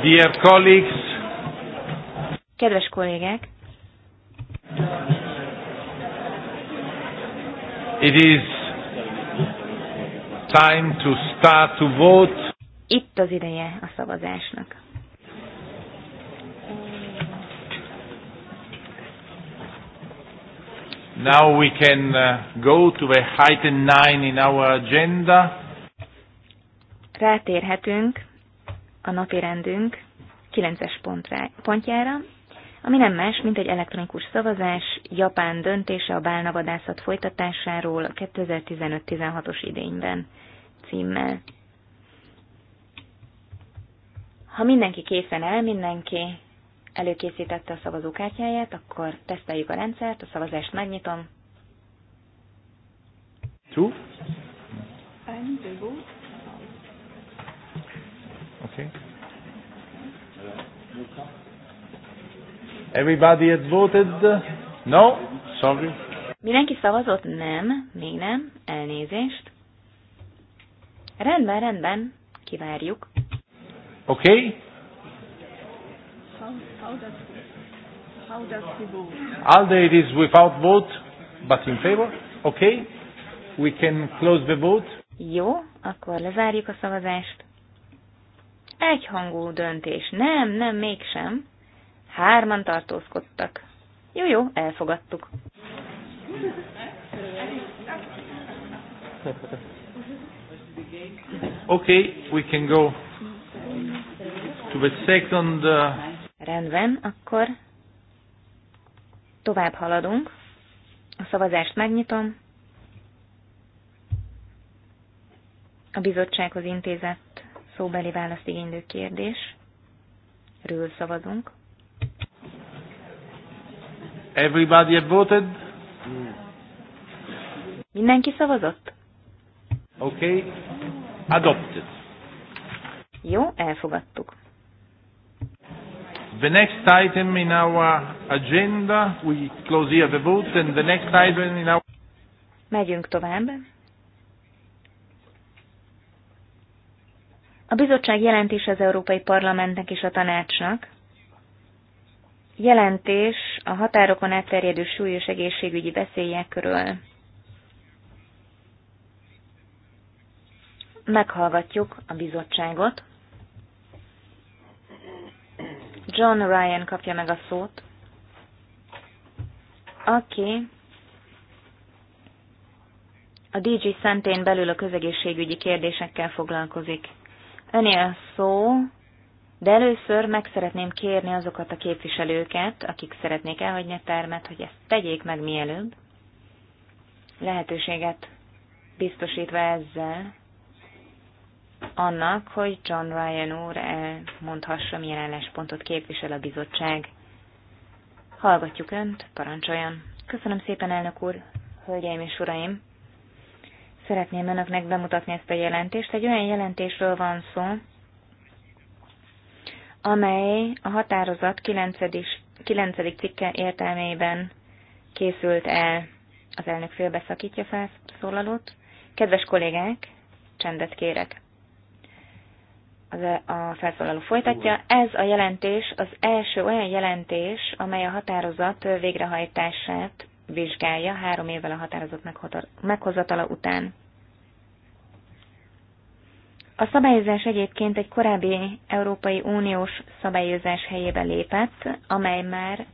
Dear colleagues, Kedves kollégák! It is time to start to vote. Itt az ideje a szavazásnak. Now we can uh, go to the item 9 in our agenda. Rátérhetünk a napi rendünk 9-es pontra, pontjára, ami nem más, mint egy elektronikus szavazás Japán döntése a bálnavadászat folytatásáról 2015-16-os idényben címmel. Ha mindenki készen áll, mindenki előkészítette a szavazókártyáját, akkor teszteljük a rendszert, a szavazást megnyitom. True. And the vote. Okay. Everybody has voted? No? Sorry. Mindenki szavazott? Nem, még nem. Elnézést. Rendben, rendben. Kivárjuk. Oké? Okay. How, does, how does he vote? Alde it is without vote, but in favor. Okay? We can close the vote. Jó, akkor lezárjuk a szavazást. Egyhangú döntés. Nem, nem, mégsem. Hárman tartózkodtak. Jó, jó, elfogadtuk. Okay, we can go to the second. Uh, Rendben, akkor tovább haladunk. A szavazást megnyitom. A bizottsághoz intézett szóbeli választ igénylő Ről szavazunk. Everybody voted? Mindenki szavazott? Okay. Adopted. Jó, elfogadtuk. The next item in our agenda, we close here the vote, and the next item in our... Megyünk tovább. A bizottság jelentése az Európai Parlamentnek és a tanácsnak. Jelentés a határokon átterjedő súlyos egészségügyi veszélyekről. Meghallgatjuk a bizottságot. John Ryan kapja meg a szót, aki a DG Szentén belül a közegészségügyi kérdésekkel foglalkozik. Öné a szó, de először meg szeretném kérni azokat a képviselőket, akik szeretnék elhagyni a termet, hogy ezt tegyék meg mielőbb. Lehetőséget biztosítva ezzel annak, hogy John Ryan úr mondhassa, milyen álláspontot képvisel a bizottság. Hallgatjuk Önt, parancsoljon. Köszönöm szépen, elnök úr, hölgyeim és uraim! Szeretném önöknek bemutatni ezt a jelentést. Egy olyan jelentésről van szó, amely a határozat 9. 9. cikke értelmében készült el. Az elnök félbeszakítja felszólalót. Kedves kollégák, csendet kérek. Az e- a felszólaló folytatja. Ez a jelentés az első olyan jelentés, amely a határozat végrehajtását vizsgálja három évvel a határozat meghozatala után. A szabályozás egyébként egy korábbi Európai Uniós szabályozás helyébe lépett, amely már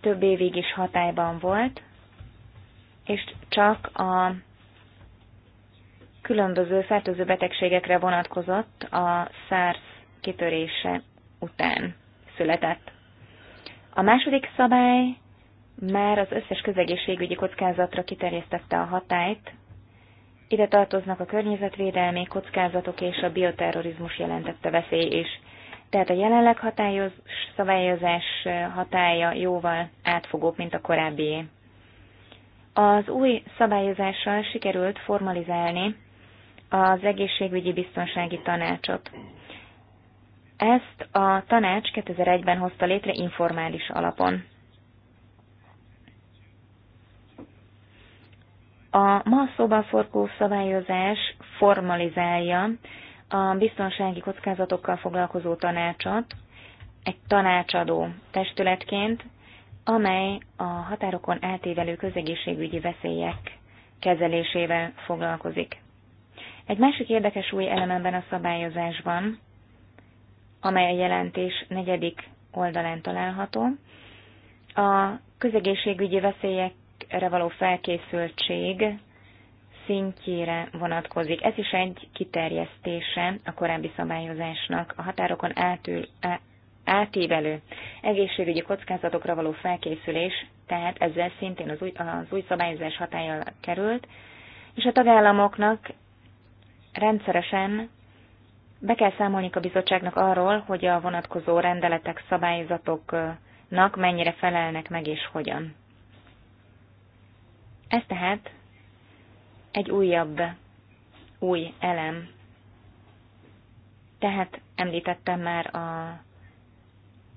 több évig is hatályban volt, és csak a különböző fertőző betegségekre vonatkozott a SARS kitörése után született. A második szabály már az összes közegészségügyi kockázatra kiterjesztette a hatályt, ide tartoznak a környezetvédelmi kockázatok és a bioterrorizmus jelentette veszély is. Tehát a jelenleg hatályoz, szabályozás hatája jóval átfogóbb, mint a korábbi. Az új szabályozással sikerült formalizálni az egészségügyi biztonsági tanácsot. Ezt a tanács 2001-ben hozta létre informális alapon. A ma szobaforgó szabályozás formalizálja a biztonsági kockázatokkal foglalkozó tanácsot egy tanácsadó testületként, amely a határokon átívelő közegészségügyi veszélyek kezelésével foglalkozik. Egy másik érdekes új elememben a szabályozásban, amely a jelentés negyedik oldalán található, a közegészségügyi veszélyek erre való felkészültség szintjére vonatkozik. Ez is egy kiterjesztése a korábbi szabályozásnak, a határokon átül, á, átívelő egészségügyi kockázatokra való felkészülés, tehát ezzel szintén az új, az új szabályozás hatája került, és a tagállamoknak rendszeresen be kell számolni a bizottságnak arról, hogy a vonatkozó rendeletek, szabályzatoknak mennyire felelnek meg és hogyan. Ez tehát egy újabb, új elem. Tehát említettem már a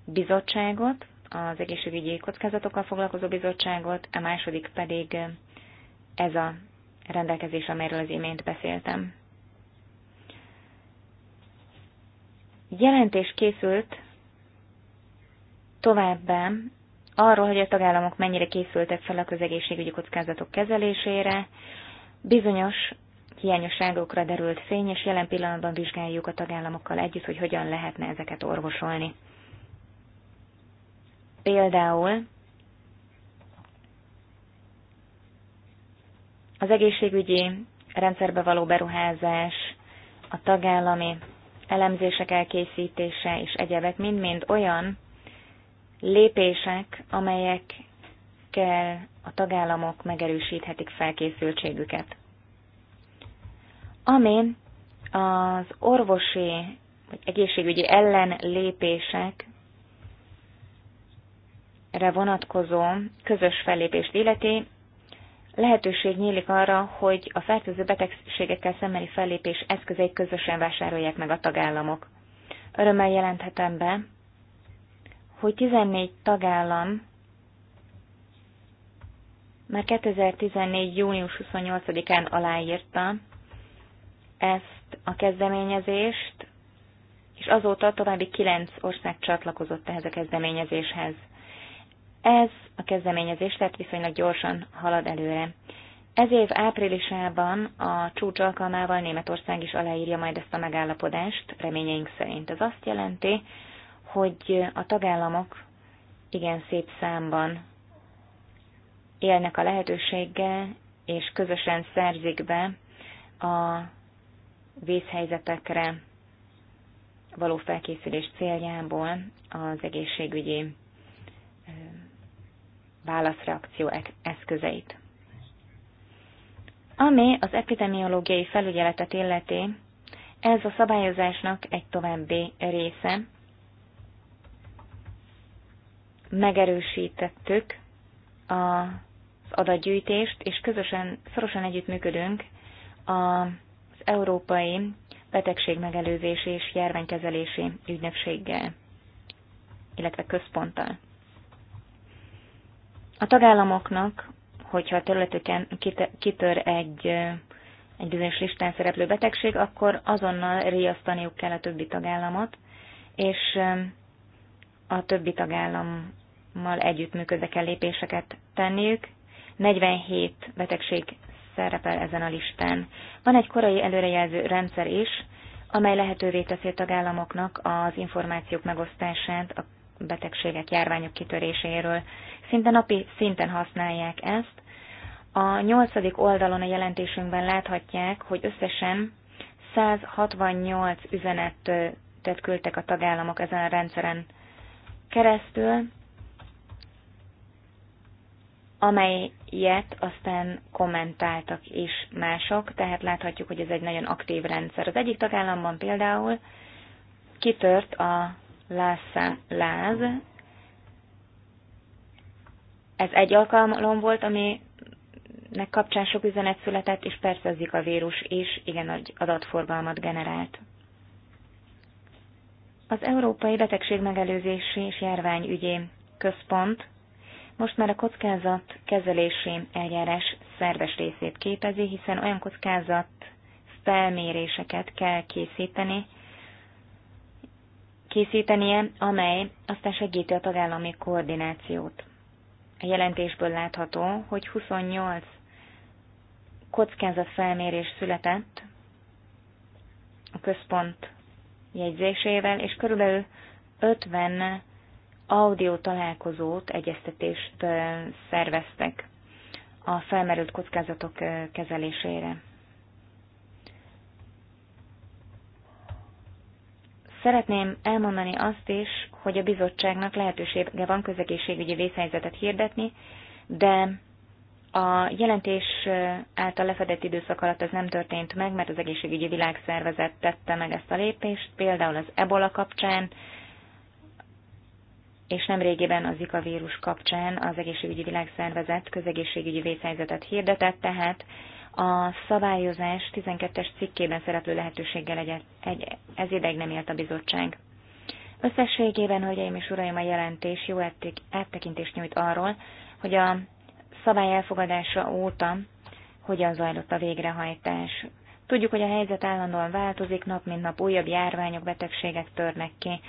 bizottságot, az egészségügyi kockázatokkal foglalkozó bizottságot, a második pedig ez a rendelkezés, amelyről az imént beszéltem. Jelentés készült továbbá arról, hogy a tagállamok mennyire készültek fel a közegészségügyi kockázatok kezelésére, bizonyos hiányosságokra derült fény, és jelen pillanatban vizsgáljuk a tagállamokkal együtt, hogy hogyan lehetne ezeket orvosolni. Például az egészségügyi rendszerbe való beruházás, a tagállami elemzések elkészítése és egyebek mind-mind olyan lépések, amelyekkel a tagállamok megerősíthetik felkészültségüket. Ami az orvosi vagy egészségügyi ellenlépésekre vonatkozó közös fellépést illeti, lehetőség nyílik arra, hogy a fertőző betegségekkel szembeni fellépés eszközeit közösen vásárolják meg a tagállamok. Örömmel jelenthetem be, hogy 14 tagállam már 2014. június 28-án aláírta ezt a kezdeményezést, és azóta további kilenc ország csatlakozott ehhez a kezdeményezéshez. Ez a kezdeményezés tehát viszonylag gyorsan halad előre. Ez év áprilisában a csúcs alkalmával Németország is aláírja majd ezt a megállapodást, reményeink szerint. Ez azt jelenti, hogy a tagállamok igen szép számban élnek a lehetőséggel, és közösen szerzik be a vészhelyzetekre való felkészülés céljából az egészségügyi válaszreakció eszközeit. Ami az epidemiológiai felügyeletet illeti, ez a szabályozásnak egy további része, megerősítettük az adatgyűjtést, és közösen, szorosan együttműködünk az Európai Betegség és Járványkezelési Ügynökséggel, illetve központtal. A tagállamoknak, hogyha a területüken kitör egy, egy bizonyos listán szereplő betegség, akkor azonnal riasztaniuk kell a többi tagállamot, és a többi tagállam mal együttműködve kell lépéseket tenniük. 47 betegség szerepel ezen a listán. Van egy korai előrejelző rendszer is, amely lehetővé teszi a tagállamoknak az információk megosztását a betegségek, járványok kitöréséről. Szinte napi szinten használják ezt. A nyolcadik oldalon a jelentésünkben láthatják, hogy összesen 168 üzenetet küldtek a tagállamok ezen a rendszeren keresztül, amelyet aztán kommentáltak is mások, tehát láthatjuk, hogy ez egy nagyon aktív rendszer. Az egyik tagállamban például kitört a Lassa láz. Ez egy alkalom volt, aminek kapcsán sok üzenet született, és persze az a vírus is igen nagy adatforgalmat generált. Az Európai Betegség Megelőzési és Járványügyi Központ most már a kockázat kezelési eljárás szerves részét képezi, hiszen olyan kockázat felméréseket kell készíteni, készítenie, amely aztán segíti a tagállami koordinációt. A jelentésből látható, hogy 28 kockázatfelmérés született a központ jegyzésével, és körülbelül 50 audio találkozót, egyeztetést szerveztek a felmerült kockázatok kezelésére. Szeretném elmondani azt is, hogy a bizottságnak lehetősége van közegészségügyi vészhelyzetet hirdetni, de a jelentés által lefedett időszak alatt ez nem történt meg, mert az egészségügyi világszervezet tette meg ezt a lépést, például az ebola kapcsán és nemrégiben az Zika vírus kapcsán az Egészségügyi Világszervezet közegészségügyi vészhelyzetet hirdetett, tehát a szabályozás 12-es cikkében szereplő lehetőséggel egy, egy, ez ideig nem élt a bizottság. Összességében, hölgyeim és uraim, a jelentés jó áttekintést nyújt arról, hogy a szabály elfogadása óta hogyan zajlott a végrehajtás. Tudjuk, hogy a helyzet állandóan változik, nap mint nap újabb járványok, betegségek törnek ki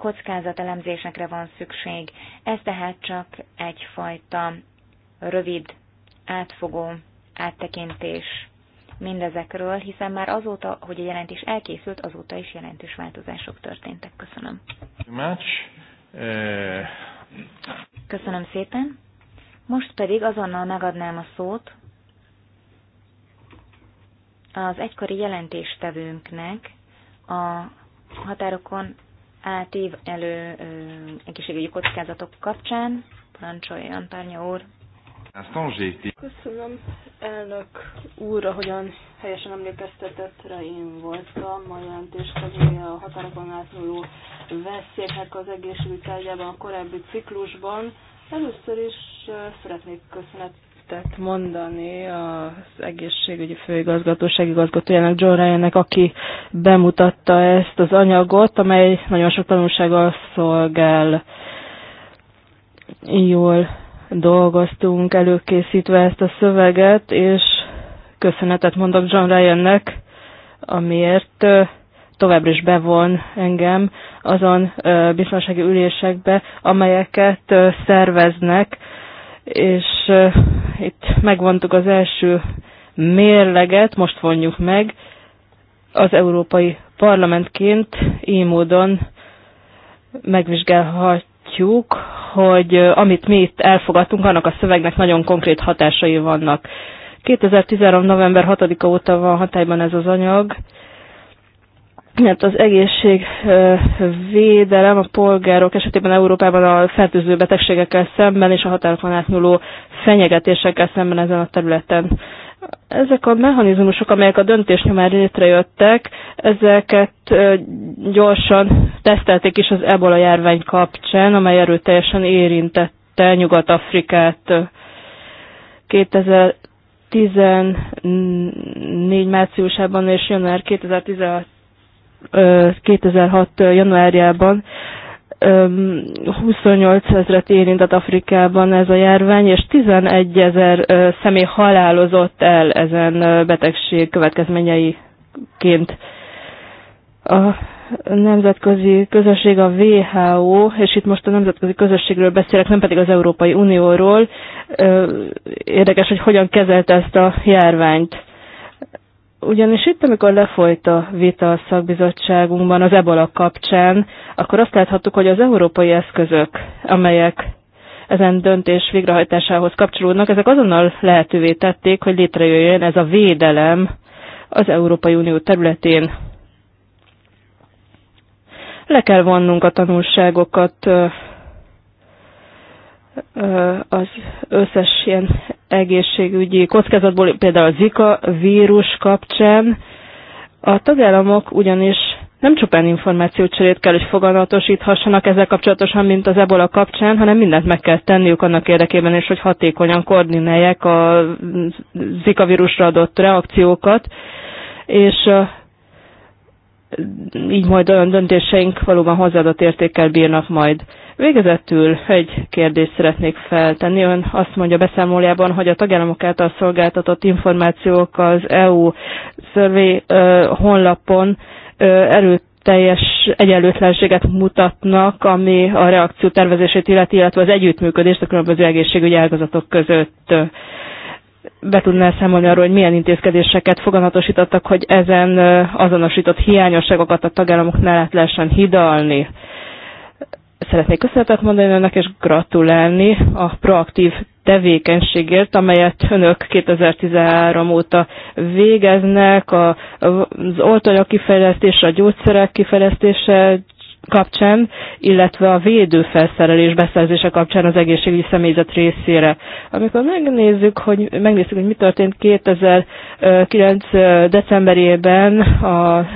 kockázatelemzésekre van szükség. Ez tehát csak egyfajta rövid, átfogó áttekintés mindezekről, hiszen már azóta, hogy a jelentés elkészült, azóta is jelentős változások történtek. Köszönöm. Köszönöm szépen. Most pedig azonnal megadnám a szót az egykori jelentéstevőnknek, a határokon elő egészségügyi kockázatok kapcsán. Parancsoljon, Párnya úr! Köszönöm, elnök úr, ahogyan helyesen emlékeztetett rá, én voltam a jelentéstevője a határokon átnyúló veszélyeknek az egészségügy tárgyában a korábbi ciklusban. Először is szeretnék köszönet lehetett mondani az egészségügyi főigazgatóság igazgatójának, John Ryan-nek, aki bemutatta ezt az anyagot, amely nagyon sok tanulsággal szolgál. Jól dolgoztunk előkészítve ezt a szöveget, és köszönetet mondok John Ryannek, amiért továbbra is bevon engem azon biztonsági ülésekbe, amelyeket szerveznek, és itt megvontuk az első mérleget, most vonjuk meg az Európai Parlamentként, így módon megvizsgálhatjuk, hogy amit mi itt elfogadtunk, annak a szövegnek nagyon konkrét hatásai vannak. 2013. november 6-a óta van hatályban ez az anyag, mert az egészségvédelem a polgárok esetében Európában a fertőző betegségekkel szemben és a határokon átnyúló fenyegetésekkel szemben ezen a területen. Ezek a mechanizmusok, amelyek a döntés nyomán létrejöttek, ezeket gyorsan tesztelték is az ebola járvány kapcsán, amely erőteljesen érintette Nyugat-Afrikát 2014 márciusában és január 2016 2006. januárjában 28 ezeret érintett Afrikában ez a járvány, és 11 ezer személy halálozott el ezen betegség következményeiként. A nemzetközi közösség a WHO, és itt most a nemzetközi közösségről beszélek, nem pedig az Európai Unióról. Érdekes, hogy hogyan kezelte ezt a járványt. Ugyanis itt, amikor lefolyt a vita a szakbizottságunkban az ebola kapcsán, akkor azt láthattuk, hogy az európai eszközök, amelyek ezen döntés végrehajtásához kapcsolódnak, ezek azonnal lehetővé tették, hogy létrejöjjön ez a védelem az Európai Unió területén. Le kell vonnunk a tanulságokat az összes ilyen egészségügyi kockázatból, például a Zika vírus kapcsán. A tagállamok ugyanis nem csupán információcserét kell, hogy foganatosíthassanak ezzel kapcsolatosan, mint az ebola kapcsán, hanem mindent meg kell tenniük annak érdekében is, hogy hatékonyan koordinálják a Zika vírusra adott reakciókat, és így majd olyan döntéseink valóban hozzáadott értékkel bírnak majd. Végezetül egy kérdést szeretnék feltenni. Ön azt mondja beszámolójában, hogy a tagállamok által szolgáltatott információk az EU survey honlapon erőt teljes egyenlőtlenséget mutatnak, ami a reakció tervezését illeti, illetve az együttműködést a különböző egészségügyi ágazatok között be tudná számolni arról, hogy milyen intézkedéseket foganatosítottak, hogy ezen azonosított hiányosságokat a tagállamoknál lehet lehessen hidalni szeretnék köszönetet mondani önnek, és gratulálni a proaktív tevékenységért, amelyet önök 2013 óta végeznek, az oltanyag kifejlesztése, a gyógyszerek kifejlesztése kapcsán, illetve a védőfelszerelés beszerzése kapcsán az egészségügyi személyzet részére. Amikor megnézzük, hogy, megnézzük, hogy mi történt 2009. decemberében a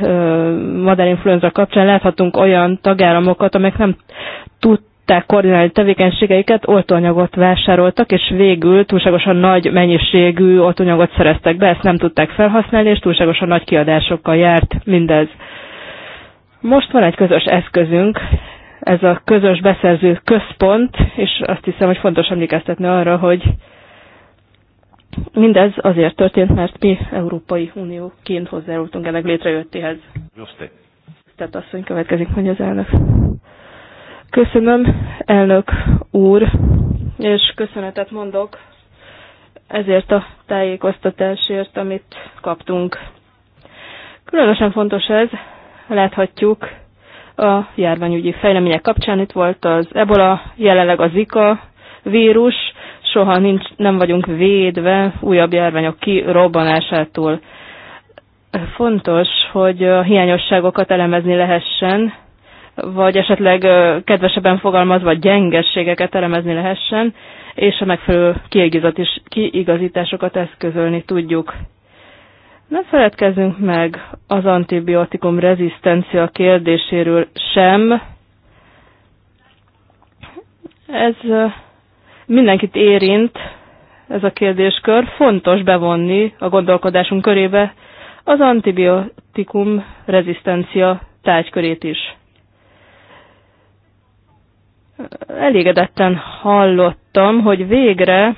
madárinfluenza kapcsán, láthatunk olyan tagállamokat, amelyek nem tudták koordinálni tevékenységeiket, oltóanyagot vásároltak, és végül túlságosan nagy mennyiségű oltóanyagot szereztek be, ezt nem tudták felhasználni, és túlságosan nagy kiadásokkal járt mindez. Most van egy közös eszközünk, ez a közös beszerző központ, és azt hiszem, hogy fontos emlékeztetni arra, hogy mindez azért történt, mert mi Európai Unióként hozzájárultunk ennek létrejöttéhez. Grosztet asszony következik, mondja az elnök. Köszönöm, elnök úr, és köszönetet mondok ezért a tájékoztatásért, amit kaptunk. Különösen fontos ez, láthatjuk a járványügyi fejlemények kapcsán. Itt volt az ebola, jelenleg a zika vírus, soha nincs, nem vagyunk védve újabb járványok kirobbanásától. Fontos, hogy a hiányosságokat elemezni lehessen, vagy esetleg kedvesebben fogalmazva gyengességeket elemezni lehessen, és a megfelelő kiigazításokat eszközölni tudjuk. Ne feledkezzünk meg az antibiotikum rezisztencia kérdéséről sem. Ez mindenkit érint, ez a kérdéskör. Fontos bevonni a gondolkodásunk körébe az antibiotikum rezisztencia tárgykörét is elégedetten hallottam, hogy végre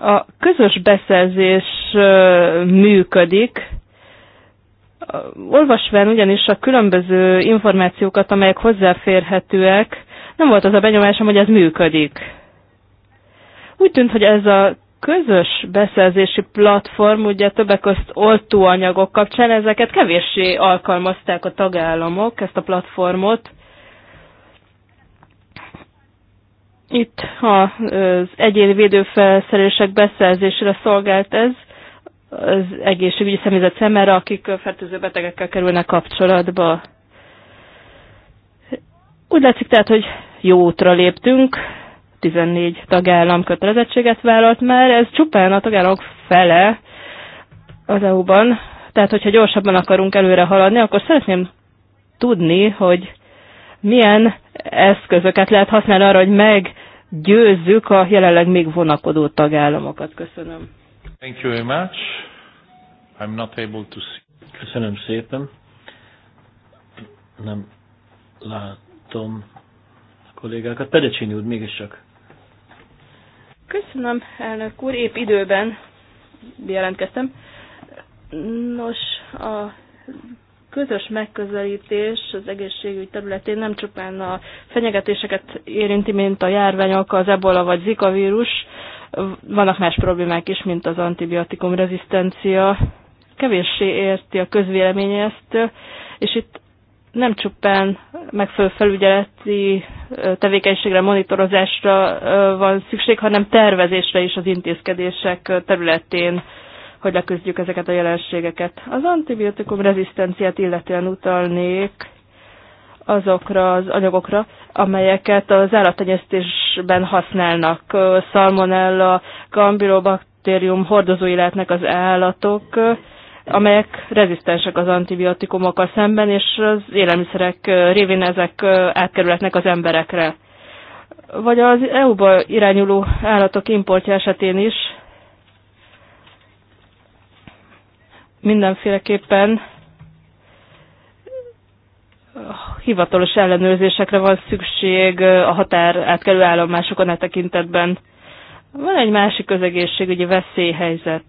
a közös beszerzés működik, olvasván ugyanis a különböző információkat, amelyek hozzáférhetőek, nem volt az a benyomásom, hogy ez működik. Úgy tűnt, hogy ez a közös beszerzési platform, ugye többek közt oltóanyagok kapcsán, ezeket kevéssé alkalmazták a tagállamok, ezt a platformot. Itt az egyéni védőfelszerelések beszerzésére szolgált ez az egészségügyi személyzet szemére, akik fertőző betegekkel kerülnek kapcsolatba. Úgy látszik tehát, hogy jó útra léptünk, 14 tagállam kötelezettséget vállalt már, ez csupán a tagállamok fele az EU-ban, tehát hogyha gyorsabban akarunk előre haladni, akkor szeretném tudni, hogy milyen eszközöket lehet használni arra, hogy meg győzzük a jelenleg még vonakodó tagállamokat. Köszönöm. Thank you very much. I'm not able to see. Köszönöm szépen. Nem látom a kollégákat. Pedecsini úr, mégiscsak. Köszönöm, elnök úr. Épp időben jelentkeztem. Nos, a közös megközelítés az egészségügy területén nem csupán a fenyegetéseket érinti, mint a járványok, az ebola vagy zika vírus, vannak más problémák is, mint az antibiotikum rezisztencia. Kevéssé érti a közvélemény ezt, és itt nem csupán megfelelő felügyeleti tevékenységre, monitorozásra van szükség, hanem tervezésre is az intézkedések területén hogy leküzdjük ezeket a jelenségeket. Az antibiotikum rezisztenciát illetően utalnék azokra az anyagokra, amelyeket az állattenyésztésben használnak. Salmonella, gambirobaktérium hordozói lehetnek az állatok, amelyek rezisztensek az antibiotikumokkal szemben, és az élelmiszerek révén ezek átkerülhetnek az emberekre. Vagy az EU-ba irányuló állatok importja esetén is mindenféleképpen hivatalos ellenőrzésekre van szükség a határ átkelő állomásokon a e tekintetben. Van egy másik közegészségügyi veszélyhelyzet.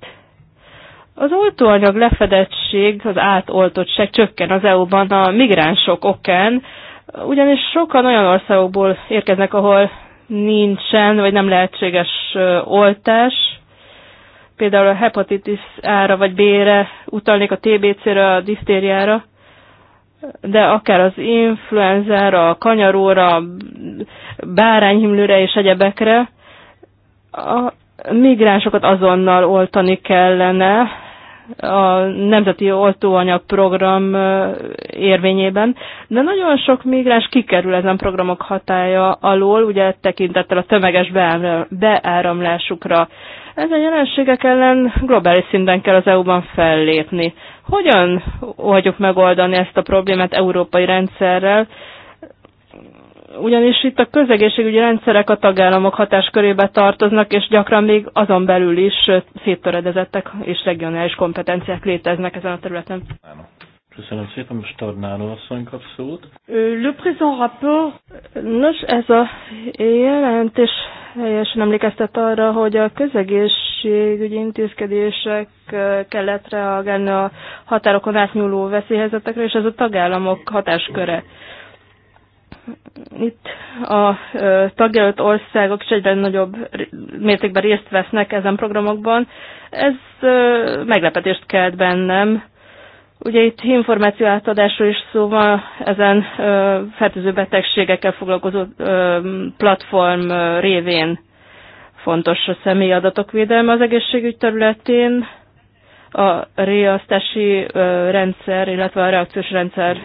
Az oltóanyag lefedettség, az átoltottság csökken az EU-ban a migránsok okán, ugyanis sokan olyan országokból érkeznek, ahol nincsen, vagy nem lehetséges oltás, például a hepatitis ára vagy B-re utalnék a TBC-re, a disztériára, de akár az influenzára, a kanyaróra, bárányhimlőre és egyebekre, a migránsokat azonnal oltani kellene a Nemzeti Oltóanyag Program érvényében, de nagyon sok migráns kikerül ezen programok hatája alól, ugye tekintettel a tömeges beáramlásukra. Ezen jelenségek ellen globális szinten kell az EU-ban fellépni. Hogyan hagyjuk megoldani ezt a problémát európai rendszerrel? Ugyanis itt a közegészségügyi rendszerek a tagállamok hatáskörébe tartoznak, és gyakran még azon belül is széttöredezettek és regionális kompetenciák léteznek ezen a területen. Köszönöm szépen, most Tarnáló asszony kap szót. Le présent rapport, nos ez a jelentés helyesen emlékeztet arra, hogy a közegészségügyi intézkedések kellett reagálni a határokon átnyúló veszélyhelyzetekre, és ez a tagállamok hatásköre. Itt a tagjelölt országok is egyre nagyobb mértékben részt vesznek ezen programokban. Ez meglepetést kelt bennem Ugye itt információ átadásról is szó van, ezen ö, fertőző betegségekkel foglalkozó ö, platform ö, révén fontos a személyi adatok védelme az egészségügy területén, a riasztási ö, rendszer, illetve a reakciós rendszer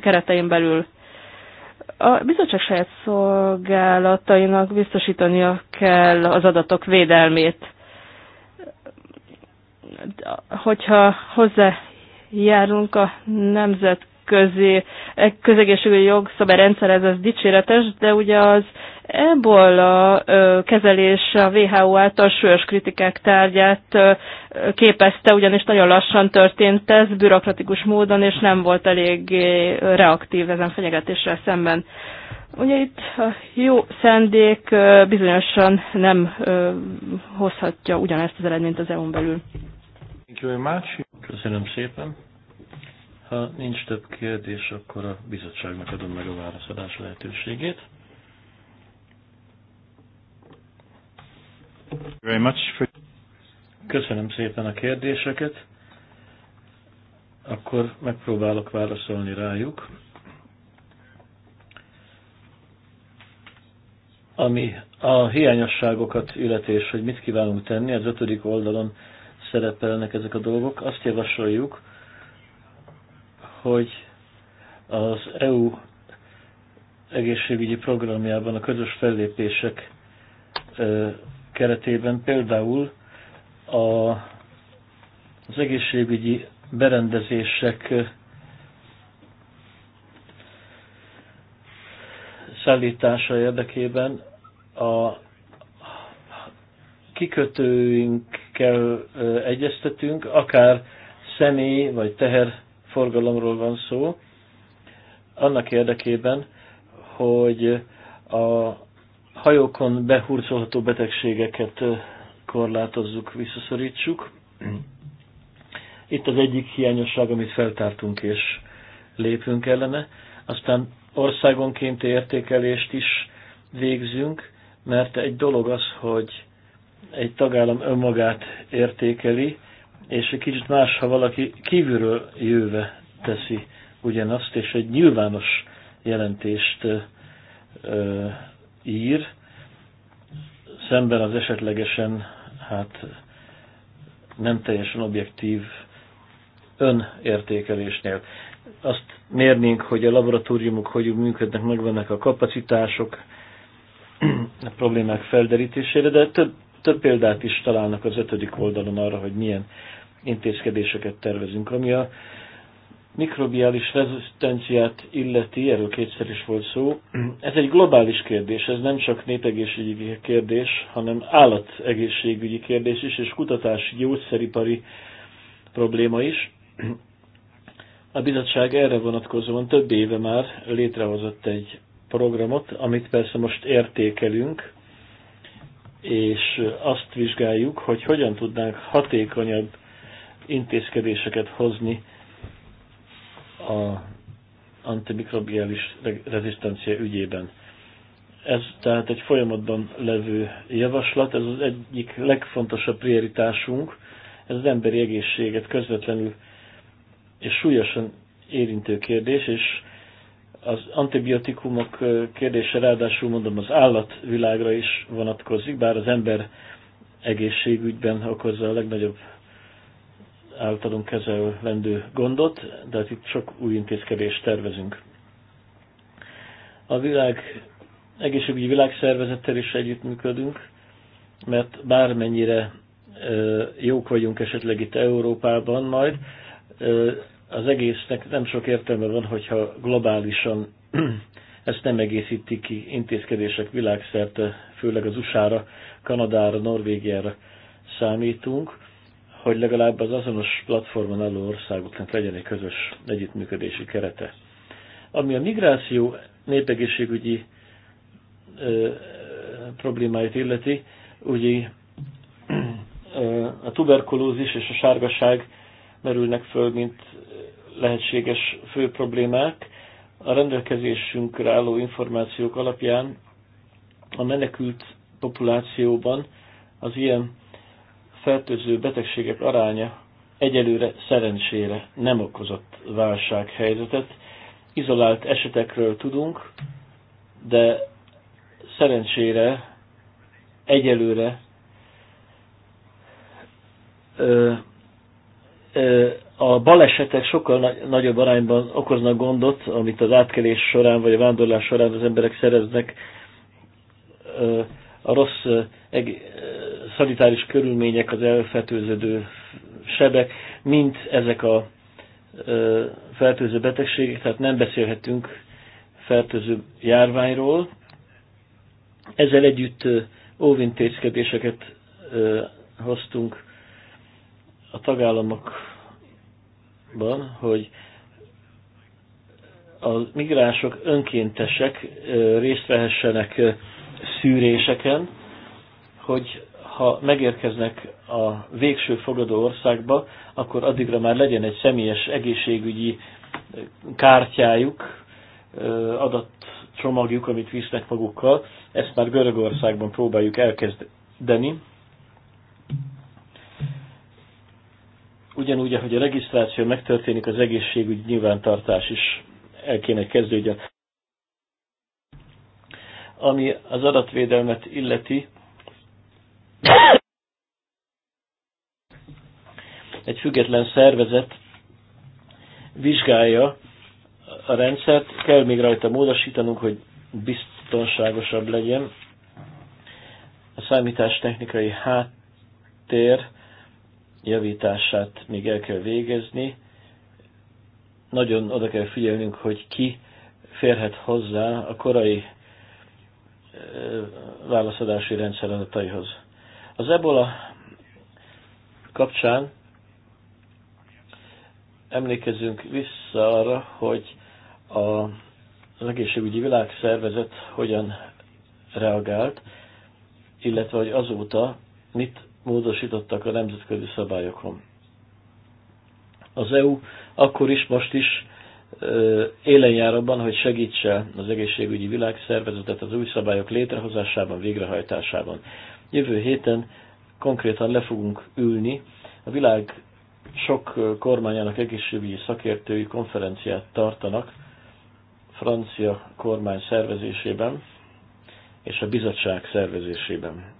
keretein belül. A bizottság saját szolgálatainak biztosítania kell az adatok védelmét hogyha hozzá járunk a nemzet közé, e, közegészségügyi jogszabályrendszerhez ez dicséretes, de ugye az ebola kezelés a WHO által súlyos kritikák tárgyát képezte, ugyanis nagyon lassan történt ez, bürokratikus módon, és nem volt elég reaktív ezen fenyegetéssel szemben. Ugye itt a jó szendék bizonyosan nem hozhatja ugyanezt az eredményt az EU-n belül. Thank you very much. Köszönöm szépen. Ha nincs több kérdés, akkor a bizottságnak adom meg a válaszadás lehetőségét. Very much for... Köszönöm szépen a kérdéseket. Akkor megpróbálok válaszolni rájuk. Ami a hiányosságokat illeti, és hogy mit kívánunk tenni, az ötödik oldalon szerepelnek ezek a dolgok. Azt javasoljuk, hogy az EU egészségügyi programjában a közös fellépések keretében például a, az egészségügyi berendezések szállítása érdekében a kikötőink kell egyeztetünk, akár személy vagy teherforgalomról van szó, annak érdekében, hogy a hajókon behurcolható betegségeket korlátozzuk, visszaszorítsuk. Itt az egyik hiányosság, amit feltártunk és lépünk ellene. Aztán országonkénti értékelést is végzünk, mert egy dolog az, hogy egy tagállam önmagát értékeli, és egy kicsit más, ha valaki kívülről jöve teszi ugyanazt, és egy nyilvános jelentést ö, ír, szemben az esetlegesen hát nem teljesen objektív önértékelésnél. Azt mérnénk, hogy a laboratóriumok hogy működnek, megvannak a kapacitások a problémák felderítésére, de több több példát is találnak az ötödik oldalon arra, hogy milyen intézkedéseket tervezünk, ami a mikrobiális rezisztenciát illeti, erről kétszer is volt szó. Ez egy globális kérdés, ez nem csak népegészségügyi kérdés, hanem állategészségügyi kérdés is, és kutatási, gyógyszeripari probléma is. A bizottság erre vonatkozóan több éve már létrehozott egy programot, amit persze most értékelünk, és azt vizsgáljuk, hogy hogyan tudnánk hatékonyabb intézkedéseket hozni a antimikrobiális rezisztencia ügyében. Ez tehát egy folyamatban levő javaslat, ez az egyik legfontosabb prioritásunk, ez az emberi egészséget közvetlenül és súlyosan érintő kérdés, és az antibiotikumok kérdése ráadásul mondom az állatvilágra is vonatkozik, bár az ember egészségügyben okozza a legnagyobb általunk kezelendő gondot, de hát itt sok új intézkedést tervezünk. A világ egészségügyi világszervezettel is együttműködünk, mert bármennyire jók vagyunk esetleg itt Európában majd, az egésznek nem sok értelme van, hogyha globálisan ezt nem egészítik ki intézkedések világszerte, főleg az USA-ra, Kanadára, Norvégiára számítunk, hogy legalább az azonos platformon álló országoknak legyen egy közös együttműködési kerete. Ami a migráció népegészségügyi ö, problémáit illeti, ugye a tuberkulózis és a sárgaság merülnek föl, mint lehetséges fő problémák. A rendelkezésünkre álló információk alapján a menekült populációban az ilyen fertőző betegségek aránya egyelőre szerencsére nem okozott válsághelyzetet. Izolált esetekről tudunk, de szerencsére egyelőre ö, ö, a balesetek sokkal nagyobb arányban okoznak gondot, amit az átkelés során vagy a vándorlás során az emberek szereznek a rossz szanitáris körülmények, az elfertőződő sebek, mint ezek a fertőző betegségek, tehát nem beszélhetünk fertőző járványról. Ezzel együtt óvintézkedéseket hoztunk a tagállamok ban, hogy a migránsok önkéntesek részt vehessenek szűréseken, hogy ha megérkeznek a végső fogadó országba, akkor addigra már legyen egy személyes egészségügyi kártyájuk, adatcsomagjuk, amit visznek magukkal. Ezt már Görögországban próbáljuk elkezdeni, ugyanúgy, ahogy a regisztráció megtörténik, az egészségügy nyilvántartás is el kéne kezdődjön. Ami az adatvédelmet illeti, egy független szervezet vizsgálja a rendszert, kell még rajta módosítanunk, hogy biztonságosabb legyen. A számítástechnikai háttér javítását még el kell végezni. Nagyon oda kell figyelnünk, hogy ki férhet hozzá a korai eh, válaszadási rendszer adataihoz. Az ebola kapcsán emlékezünk vissza arra, hogy a, az egészségügyi világszervezet hogyan reagált, illetve hogy azóta mit módosítottak a nemzetközi szabályokon. Az EU akkor is, most is élen jár abban, hogy segítse az egészségügyi világszervezetet az új szabályok létrehozásában, végrehajtásában. Jövő héten konkrétan le fogunk ülni, a világ sok kormányának egészségügyi szakértői konferenciát tartanak francia kormány szervezésében és a bizottság szervezésében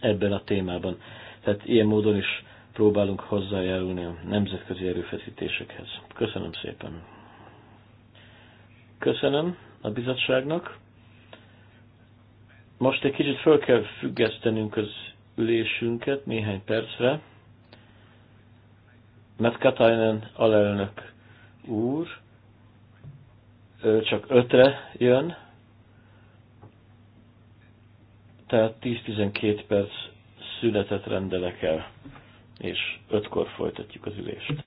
ebben a témában. Tehát ilyen módon is próbálunk hozzájárulni a nemzetközi erőfeszítésekhez. Köszönöm szépen! Köszönöm a bizottságnak. Most egy kicsit föl kell függesztenünk az ülésünket néhány percre. Mert Katainen alelnök úr, ő csak ötre jön, tehát 10-12 perc szünetet rendelek el, és 5-kor folytatjuk az ülést.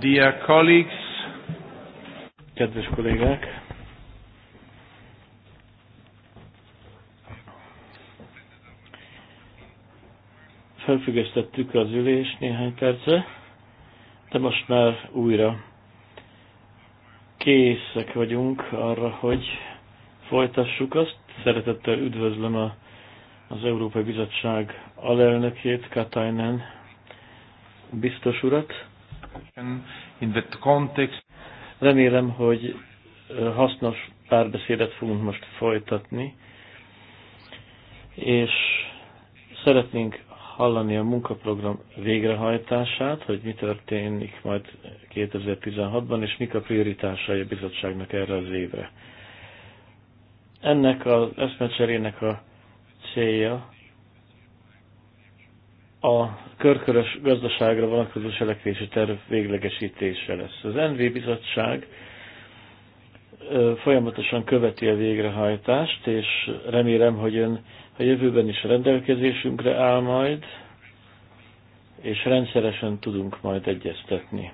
Dear colleagues, kedves kollégák, felfüggesztettük az ülést néhány perce, de most már újra készek vagyunk arra, hogy folytassuk azt. Szeretettel üdvözlöm a, az Európai Bizottság alelnökét, Katainen biztos urat, in that context. Remélem, hogy hasznos párbeszédet fogunk most folytatni, és szeretnénk hallani a munkaprogram végrehajtását, hogy mi történik majd 2016-ban, és mik a prioritásai a bizottságnak erre az évre. Ennek az eszmecserének a célja, a körkörös gazdaságra vonatkozó cselekvési terv véglegesítése lesz. Az NV bizottság folyamatosan követi a végrehajtást, és remélem, hogy ön a jövőben is rendelkezésünkre áll majd, és rendszeresen tudunk majd egyeztetni.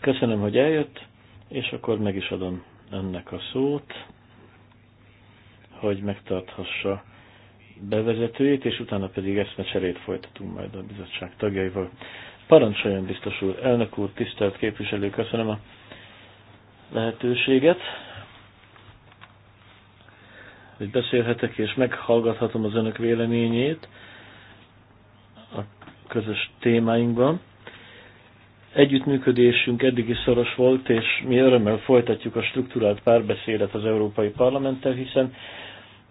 Köszönöm, hogy eljött, és akkor meg is adom önnek a szót, hogy megtarthassa bevezetőjét, és utána pedig eszmecserét folytatunk majd a bizottság tagjaival. Parancsoljon, biztos úr, elnök úr, tisztelt képviselő, köszönöm a lehetőséget, hogy beszélhetek és meghallgathatom az önök véleményét a közös témáinkban. Együttműködésünk eddig is szoros volt, és mi örömmel folytatjuk a struktúrált párbeszédet az Európai Parlamenttel, hiszen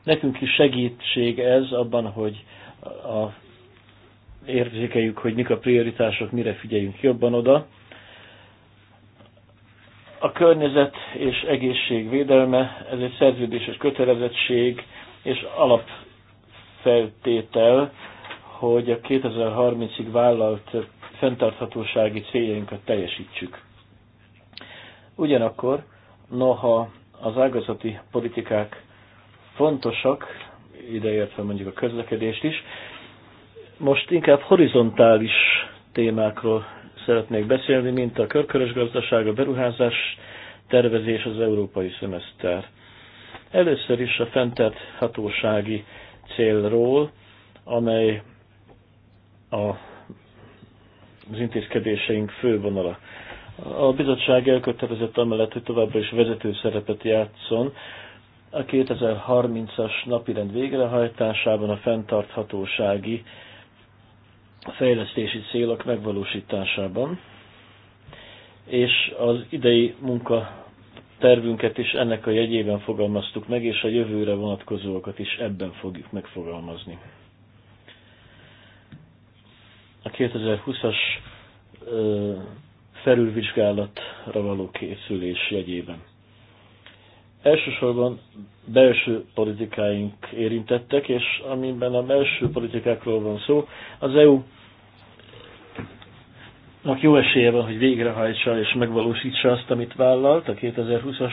Nekünk is segítség ez abban, hogy a, érzékeljük, hogy mik a prioritások, mire figyeljünk jobban oda. A környezet és egészség védelme, ez egy szerződéses kötelezettség és alapfeltétel, hogy a 2030-ig vállalt fenntarthatósági céljainkat teljesítsük. Ugyanakkor, noha az ágazati politikák fontosak, ideértve mondjuk a közlekedést is. Most inkább horizontális témákról szeretnék beszélni, mint a körkörös gazdaság, a beruházás tervezés, az európai szemeszter. Először is a hatósági célról, amely a, az intézkedéseink fővonala. A bizottság elkötelezett amellett, hogy továbbra is vezető szerepet játszon a 2030-as napirend végrehajtásában a fenntarthatósági fejlesztési célok megvalósításában, és az idei munka tervünket is ennek a jegyében fogalmaztuk meg, és a jövőre vonatkozóakat is ebben fogjuk megfogalmazni. A 2020-as felülvizsgálatra való készülés jegyében. Elsősorban belső politikáink érintettek, és amiben a belső politikákról van szó, az EU nak jó esélye van, hogy végrehajtsa és megvalósítsa azt, amit vállalt, a 2020-as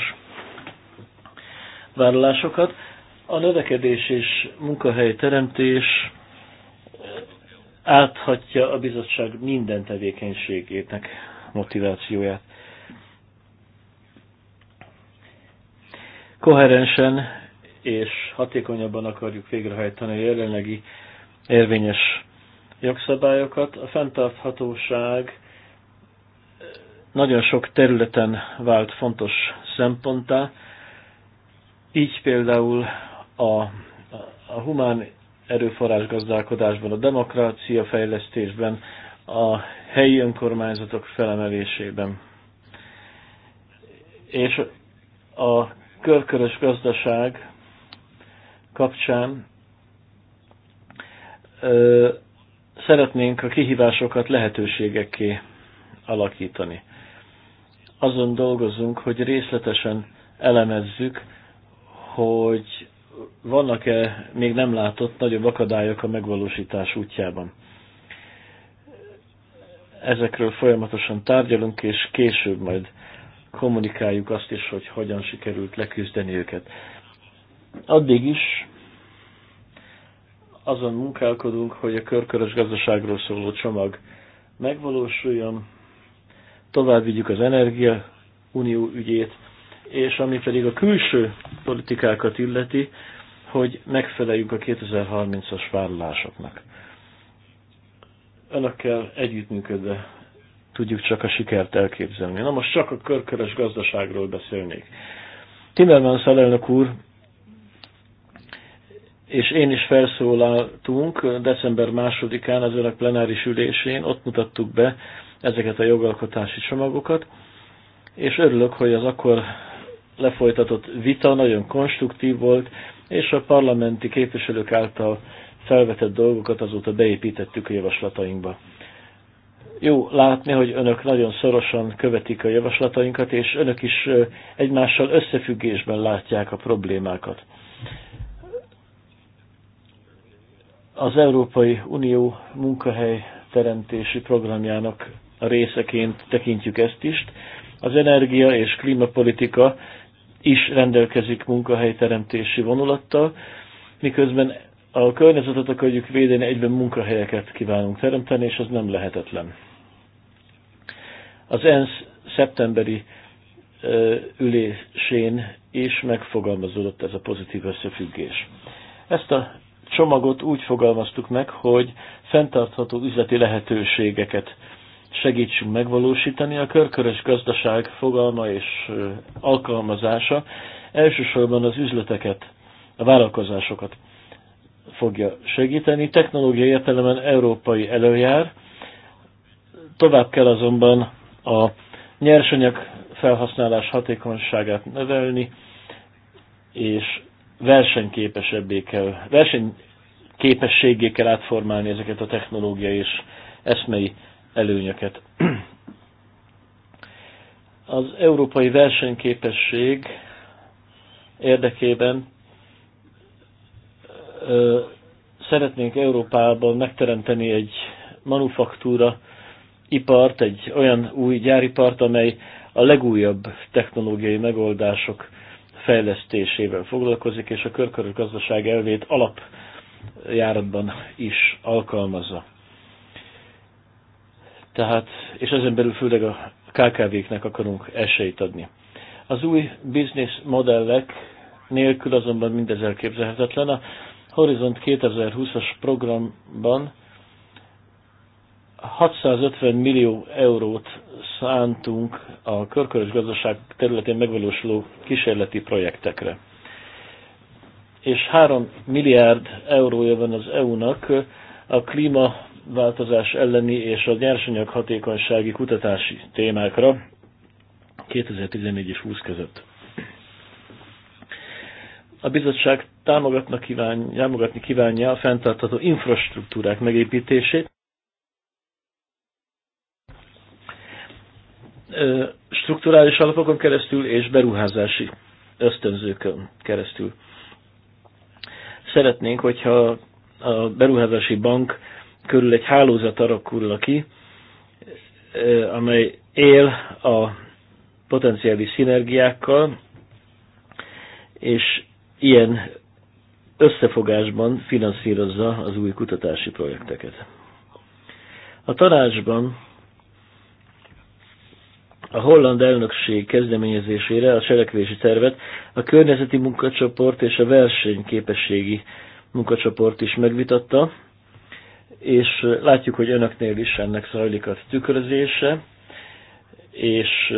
vállalásokat. A növekedés és munkahely teremtés áthatja a bizottság minden tevékenységének motivációját. koherensen és hatékonyabban akarjuk végrehajtani a jelenlegi érvényes jogszabályokat. A fenntarthatóság nagyon sok területen vált fontos szemponttá, így például a, a humán erőforrás gazdálkodásban, a demokrácia fejlesztésben, a helyi önkormányzatok felemelésében. És a körkörös gazdaság kapcsán ö, szeretnénk a kihívásokat lehetőségekké alakítani. Azon dolgozunk, hogy részletesen elemezzük, hogy vannak-e még nem látott nagyobb akadályok a megvalósítás útjában. Ezekről folyamatosan tárgyalunk, és később majd kommunikáljuk azt is, hogy hogyan sikerült leküzdeni őket. Addig is azon munkálkodunk, hogy a körkörös gazdaságról szóló csomag megvalósuljon, tovább vigyük az energia unió ügyét, és ami pedig a külső politikákat illeti, hogy megfeleljünk a 2030-as vállalásoknak. Önökkel együttműködve tudjuk csak a sikert elképzelni. Na most csak a körkörös gazdaságról beszélnék. Timmermans alelnök úr és én is felszólaltunk december másodikán az önök plenáris ülésén, ott mutattuk be ezeket a jogalkotási csomagokat, és örülök, hogy az akkor lefolytatott vita nagyon konstruktív volt, és a parlamenti képviselők által felvetett dolgokat azóta beépítettük a javaslatainkba. Jó látni, hogy önök nagyon szorosan követik a javaslatainkat, és önök is egymással összefüggésben látják a problémákat. Az Európai Unió munkahely teremtési programjának a részeként tekintjük ezt is. Az energia és klímapolitika is rendelkezik munkahelyteremtési vonulattal, miközben a környezetet akarjuk védeni, egyben munkahelyeket kívánunk teremteni, és ez nem lehetetlen az ENSZ szeptemberi ülésén is megfogalmazódott ez a pozitív összefüggés. Ezt a csomagot úgy fogalmaztuk meg, hogy fenntartható üzleti lehetőségeket segítsünk megvalósítani. A körkörös gazdaság fogalma és alkalmazása elsősorban az üzleteket, a vállalkozásokat fogja segíteni. Technológiai értelemben európai előjár, tovább kell azonban a nyersanyag felhasználás hatékonyságát növelni, és versenyképesebbé kell, versenyképességé kell átformálni ezeket a technológiai és eszmei előnyöket. Az európai versenyképesség érdekében ö, szeretnénk Európában megteremteni egy manufaktúra ipart, egy olyan új gyáripart, amely a legújabb technológiai megoldások fejlesztésével foglalkozik, és a körkörű gazdaság elvét alapjáratban is alkalmazza. Tehát, és ezen belül főleg a KKV-knek akarunk esélyt adni. Az új business modellek nélkül azonban mindez elképzelhetetlen. A Horizont 2020-as programban 650 millió eurót szántunk a körkörös gazdaság területén megvalósuló kísérleti projektekre. És 3 milliárd eurója van az EU-nak a klímaváltozás elleni és a nyersanyag hatékonysági kutatási témákra 2014 és 20 között. A bizottság támogatni kívánja, támogatni kívánja a fenntartható infrastruktúrák megépítését, strukturális alapokon keresztül és beruházási ösztönzőkön keresztül. Szeretnénk, hogyha a beruházási bank körül egy hálózat alakulna ki, amely él a potenciális szinergiákkal, és ilyen összefogásban finanszírozza az új kutatási projekteket. A tanácsban a holland elnökség kezdeményezésére a cselekvési tervet a környezeti munkacsoport és a versenyképességi munkacsoport is megvitatta, és látjuk, hogy önöknél is ennek zajlik a tükrözése, és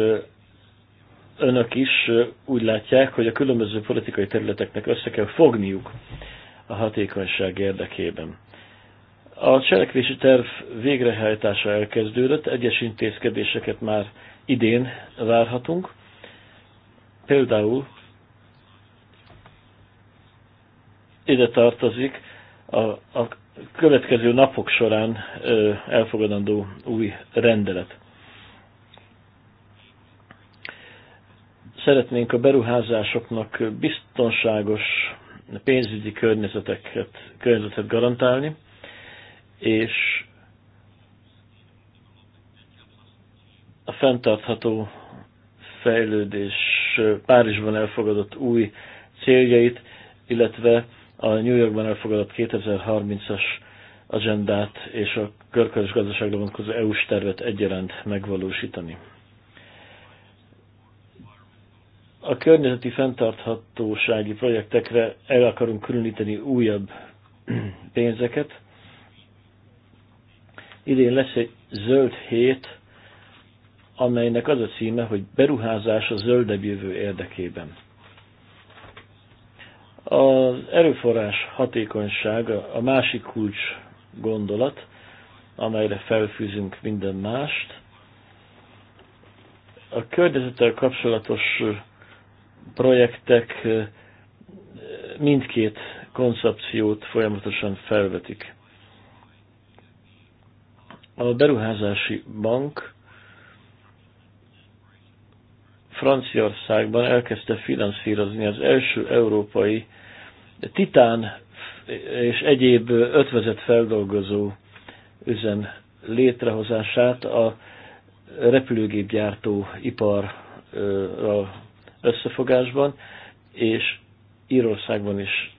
önök is úgy látják, hogy a különböző politikai területeknek össze kell fogniuk a hatékonyság érdekében. A cselekvési terv végrehajtása elkezdődött, egyes intézkedéseket már idén várhatunk. Például ide tartozik a, a következő napok során elfogadandó új rendelet. Szeretnénk a beruházásoknak biztonságos pénzügyi környezeteket, környezetet garantálni, és a fenntartható fejlődés Párizsban elfogadott új céljait, illetve a New Yorkban elfogadott 2030-as agendát és a körkörös gazdaságra vonatkozó EU-s tervet egyaránt megvalósítani. A környezeti fenntarthatósági projektekre el akarunk különíteni újabb pénzeket. Idén lesz egy zöld hét amelynek az a címe, hogy beruházás a zöldebb jövő érdekében. Az erőforrás hatékonysága a másik kulcs gondolat, amelyre felfűzünk minden mást. A környezettel kapcsolatos projektek mindkét koncepciót folyamatosan felvetik. A beruházási bank Franciaországban elkezdte finanszírozni az első európai titán és egyéb ötvezet feldolgozó üzem létrehozását a repülőgépgyártó iparral összefogásban, és Írországban is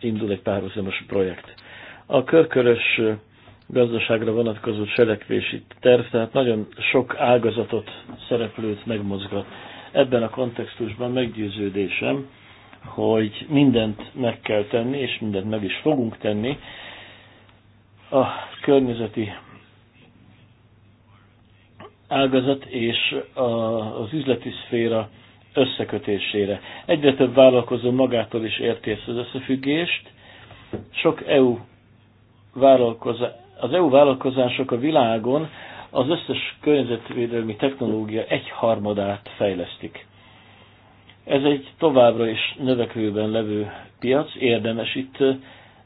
indul egy párhuzamos projekt. A körkörös gazdaságra vonatkozó cselekvési terv, tehát nagyon sok ágazatot, szereplőt megmozgat. Ebben a kontextusban meggyőződésem, hogy mindent meg kell tenni, és mindent meg is fogunk tenni a környezeti ágazat és a, az üzleti szféra összekötésére. Egyre több vállalkozó magától is érti ezt az összefüggést. Sok EU vállalkozás, az EU vállalkozások a világon az összes környezetvédelmi technológia egyharmadát fejlesztik. Ez egy továbbra is növekvőben levő piac, érdemes itt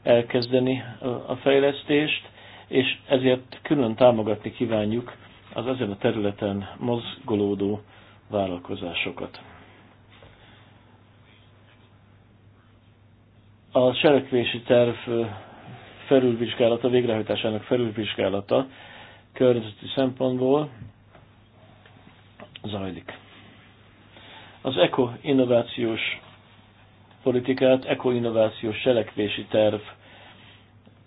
elkezdeni a fejlesztést, és ezért külön támogatni kívánjuk az ezen a területen mozgolódó vállalkozásokat. A cselekvési terv felülvizsgálata, végrehajtásának felülvizsgálata környezeti szempontból zajlik. Az eko-innovációs politikát eko-innovációs Selekvési terv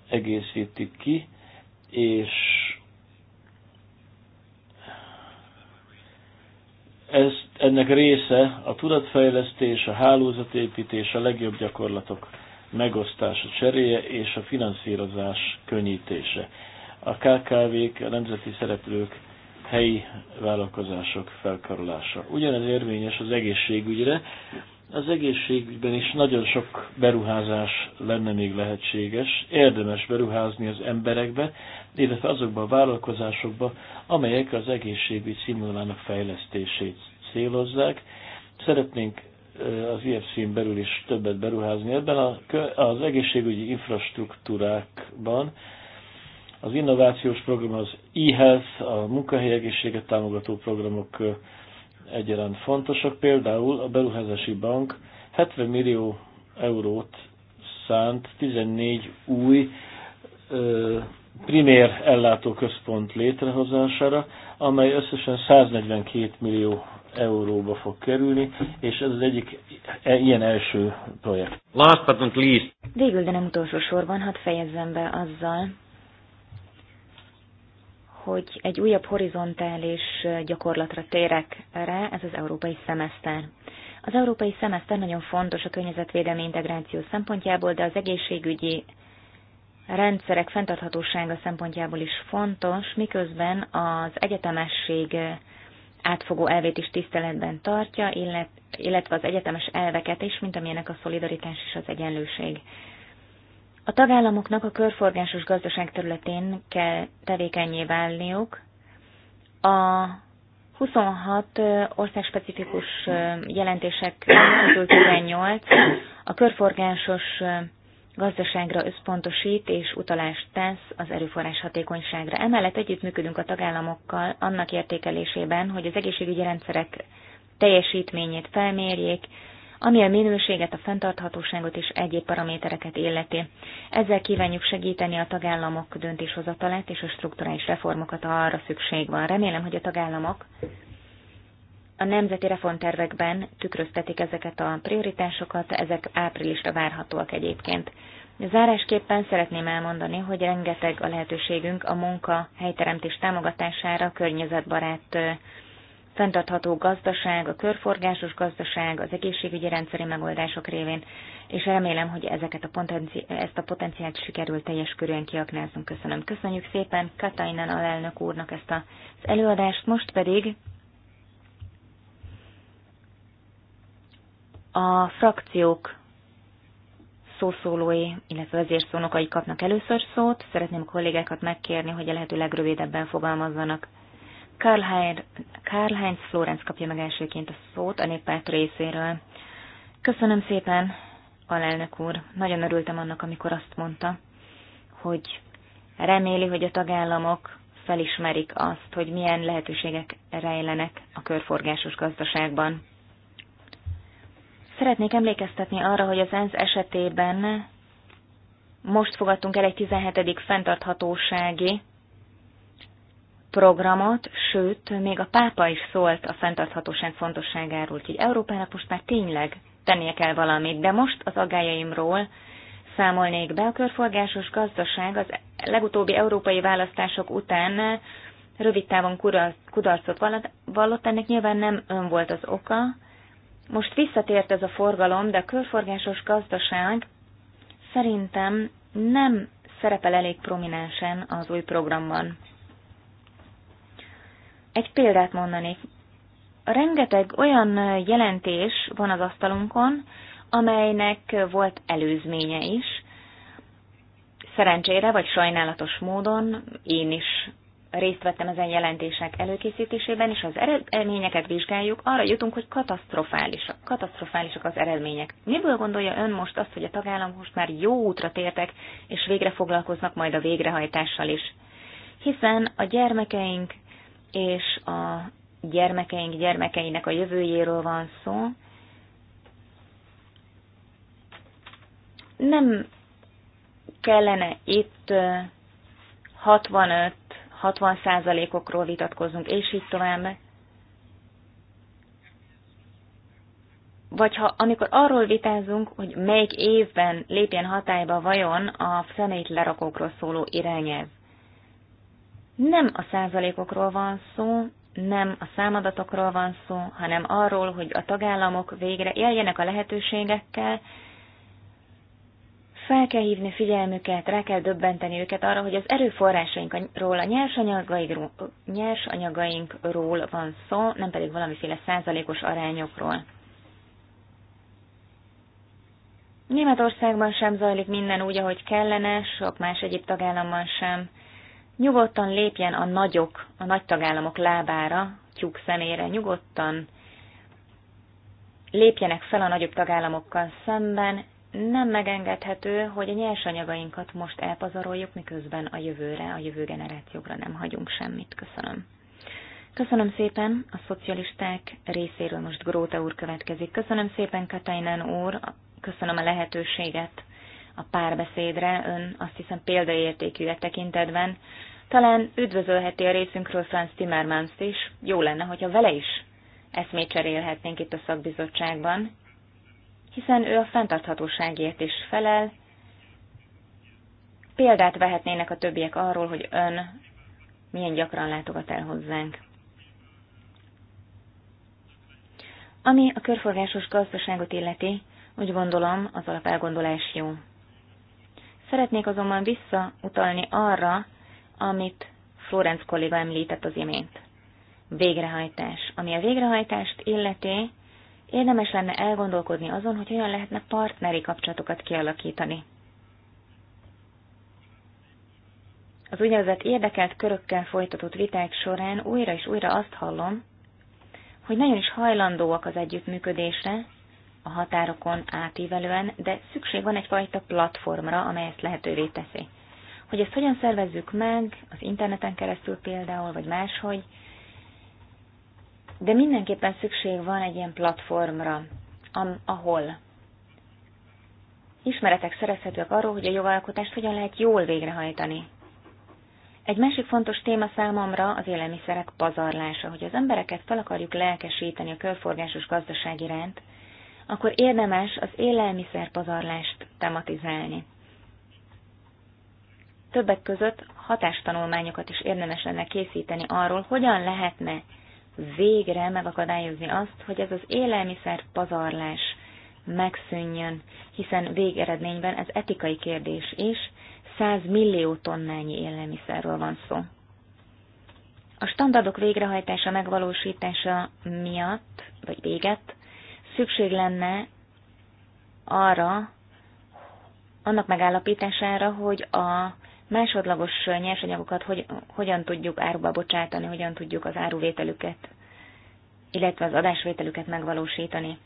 egészítik ki, és ez, ennek része a tudatfejlesztés, a hálózatépítés, a legjobb gyakorlatok megosztása, cseréje és a finanszírozás könnyítése a KKV-k, a nemzeti szereplők, helyi vállalkozások felkarolása. Ugyanez érvényes az egészségügyre. Az egészségügyben is nagyon sok beruházás lenne még lehetséges. Érdemes beruházni az emberekbe, illetve azokba a vállalkozásokba, amelyek az egészségügy színvonalának fejlesztését célozzák. Szeretnénk az IFC-n belül is többet beruházni ebben az egészségügyi infrastruktúrákban, az innovációs program az e-health, a munkahelyegészséget támogató programok egyaránt fontosak. Például a Beruházási Bank 70 millió eurót szánt 14 új ö, primér ellátóközpont létrehozására, amely összesen 142 millió euróba fog kerülni, és ez az egyik e, ilyen első projekt. Last but not least. Végül, de nem utolsó sorban, hadd fejezzem be azzal, hogy egy újabb horizontális gyakorlatra térek rá, ez az európai szemeszter. Az európai szemeszter nagyon fontos a környezetvédelmi integráció szempontjából, de az egészségügyi rendszerek fenntarthatósága szempontjából is fontos, miközben az egyetemesség átfogó elvét is tiszteletben tartja, illetve az egyetemes elveket is, mint amilyenek a szolidaritás és az egyenlőség. A tagállamoknak a körforgásos gazdaság területén kell tevékenyé válniuk. A 26 országspecifikus jelentések közül 18 a körforgásos gazdaságra összpontosít és utalást tesz az erőforrás hatékonyságra. Emellett együttműködünk a tagállamokkal annak értékelésében, hogy az egészségügyi rendszerek teljesítményét felmérjék, ami a minőséget, a fenntarthatóságot és egyéb paramétereket illeti. Ezzel kívánjuk segíteni a tagállamok döntéshozatalát és a strukturális reformokat, ha arra szükség van. Remélem, hogy a tagállamok a nemzeti reformtervekben tükröztetik ezeket a prioritásokat, ezek áprilisra várhatóak egyébként. Zárásképpen szeretném elmondani, hogy rengeteg a lehetőségünk a munka helyteremtés támogatására, környezetbarát fenntartható gazdaság, a körforgásos gazdaság, az egészségügyi rendszeri megoldások révén, és remélem, hogy ezeket a potenci- ezt a potenciált sikerül teljes körűen kiaknáznunk. Köszönöm. Köszönjük szépen Katainen alelnök úrnak ezt az előadást, most pedig a frakciók szószólói, illetve vezérszónokai kapnak először szót. Szeretném a kollégákat megkérni, hogy a lehető legrövidebben fogalmazzanak. Karl-Heinz Florenz kapja meg elsőként a szót a néppárt részéről. Köszönöm szépen, alelnök úr. Nagyon örültem annak, amikor azt mondta, hogy reméli, hogy a tagállamok felismerik azt, hogy milyen lehetőségek rejlenek a körforgásos gazdaságban. Szeretnék emlékeztetni arra, hogy az ENSZ esetében most fogadtunk el egy 17. fenntarthatósági programot, sőt, még a pápa is szólt a fenntarthatóság fontosságáról, úgyhogy Európának most már tényleg tennie kell valamit, de most az agályaimról számolnék be. A körforgásos gazdaság az legutóbbi európai választások után rövid távon kudarcot vallott, ennek nyilván nem ön volt az oka. Most visszatért ez a forgalom, de a körforgásos gazdaság szerintem nem szerepel elég prominensen az új programban. Egy példát mondanék. Rengeteg olyan jelentés van az asztalunkon, amelynek volt előzménye is. Szerencsére vagy sajnálatos módon én is részt vettem ezen jelentések előkészítésében, és az eredményeket vizsgáljuk, arra jutunk, hogy katasztrofálisak, katasztrofálisak az eredmények. Miből gondolja ön most azt, hogy a tagállam most már jó útra tértek, és végre foglalkoznak majd a végrehajtással is? Hiszen a gyermekeink és a gyermekeink gyermekeinek a jövőjéről van szó. Nem kellene itt 65 60 százalékokról vitatkozunk, és így tovább. Vagy ha amikor arról vitázunk, hogy melyik évben lépjen hatályba vajon a szemét lerakókról szóló irányelv. Nem a százalékokról van szó, nem a számadatokról van szó, hanem arról, hogy a tagállamok végre éljenek a lehetőségekkel, fel kell hívni figyelmüket, rá kell döbbenteni őket arra, hogy az erőforrásainkról, a nyersanyagainkról, van szó, nem pedig valamiféle százalékos arányokról. Németországban sem zajlik minden úgy, ahogy kellene, sok más egyéb tagállamban sem nyugodtan lépjen a nagyok, a nagy tagállamok lábára, tyúk szemére, nyugodtan lépjenek fel a nagyobb tagállamokkal szemben, nem megengedhető, hogy a nyersanyagainkat most elpazaroljuk, miközben a jövőre, a jövő generációkra nem hagyunk semmit. Köszönöm. Köszönöm szépen, a szocialisták részéről most Gróta úr következik. Köszönöm szépen, Katainen úr, köszönöm a lehetőséget, a párbeszédre, ön azt hiszem példaértékűek tekintetben. Talán üdvözölheti a részünkről Franz timmermans is, jó lenne, hogyha vele is eszmét cserélhetnénk itt a szakbizottságban, hiszen ő a fenntarthatóságért is felel. Példát vehetnének a többiek arról, hogy ön milyen gyakran látogat el hozzánk. Ami a körforgásos gazdaságot illeti, úgy gondolom, az alapelgondolás jó. Szeretnék azonban visszautalni arra, amit Florenc kolléga említett az imént. Végrehajtás. Ami a végrehajtást illeti, érdemes lenne elgondolkodni azon, hogy hogyan lehetne partneri kapcsolatokat kialakítani. Az úgynevezett érdekelt körökkel folytatott viták során újra és újra azt hallom, hogy nagyon is hajlandóak az együttműködésre, a határokon átívelően, de szükség van egyfajta platformra, amely ezt lehetővé teszi. Hogy ezt hogyan szervezzük meg, az interneten keresztül például, vagy máshogy, de mindenképpen szükség van egy ilyen platformra, ahol ismeretek szerezhetőek arról, hogy a jogalkotást hogyan lehet jól végrehajtani. Egy másik fontos téma számomra az élelmiszerek pazarlása, hogy az embereket fel akarjuk lelkesíteni a körforgásos gazdaság iránt, akkor érdemes az élelmiszerpazarlást tematizálni. Többek között hatástanulmányokat is érdemes lenne készíteni arról, hogyan lehetne végre megakadályozni azt, hogy ez az élelmiszer pazarlás megszűnjön, hiszen végeredményben ez etikai kérdés is, 100 millió tonnányi élelmiszerről van szó. A standardok végrehajtása, megvalósítása miatt, vagy véget, szükség lenne arra, annak megállapítására, hogy a másodlagos nyersanyagokat hogy, hogyan tudjuk áruba bocsátani, hogyan tudjuk az áruvételüket, illetve az adásvételüket megvalósítani.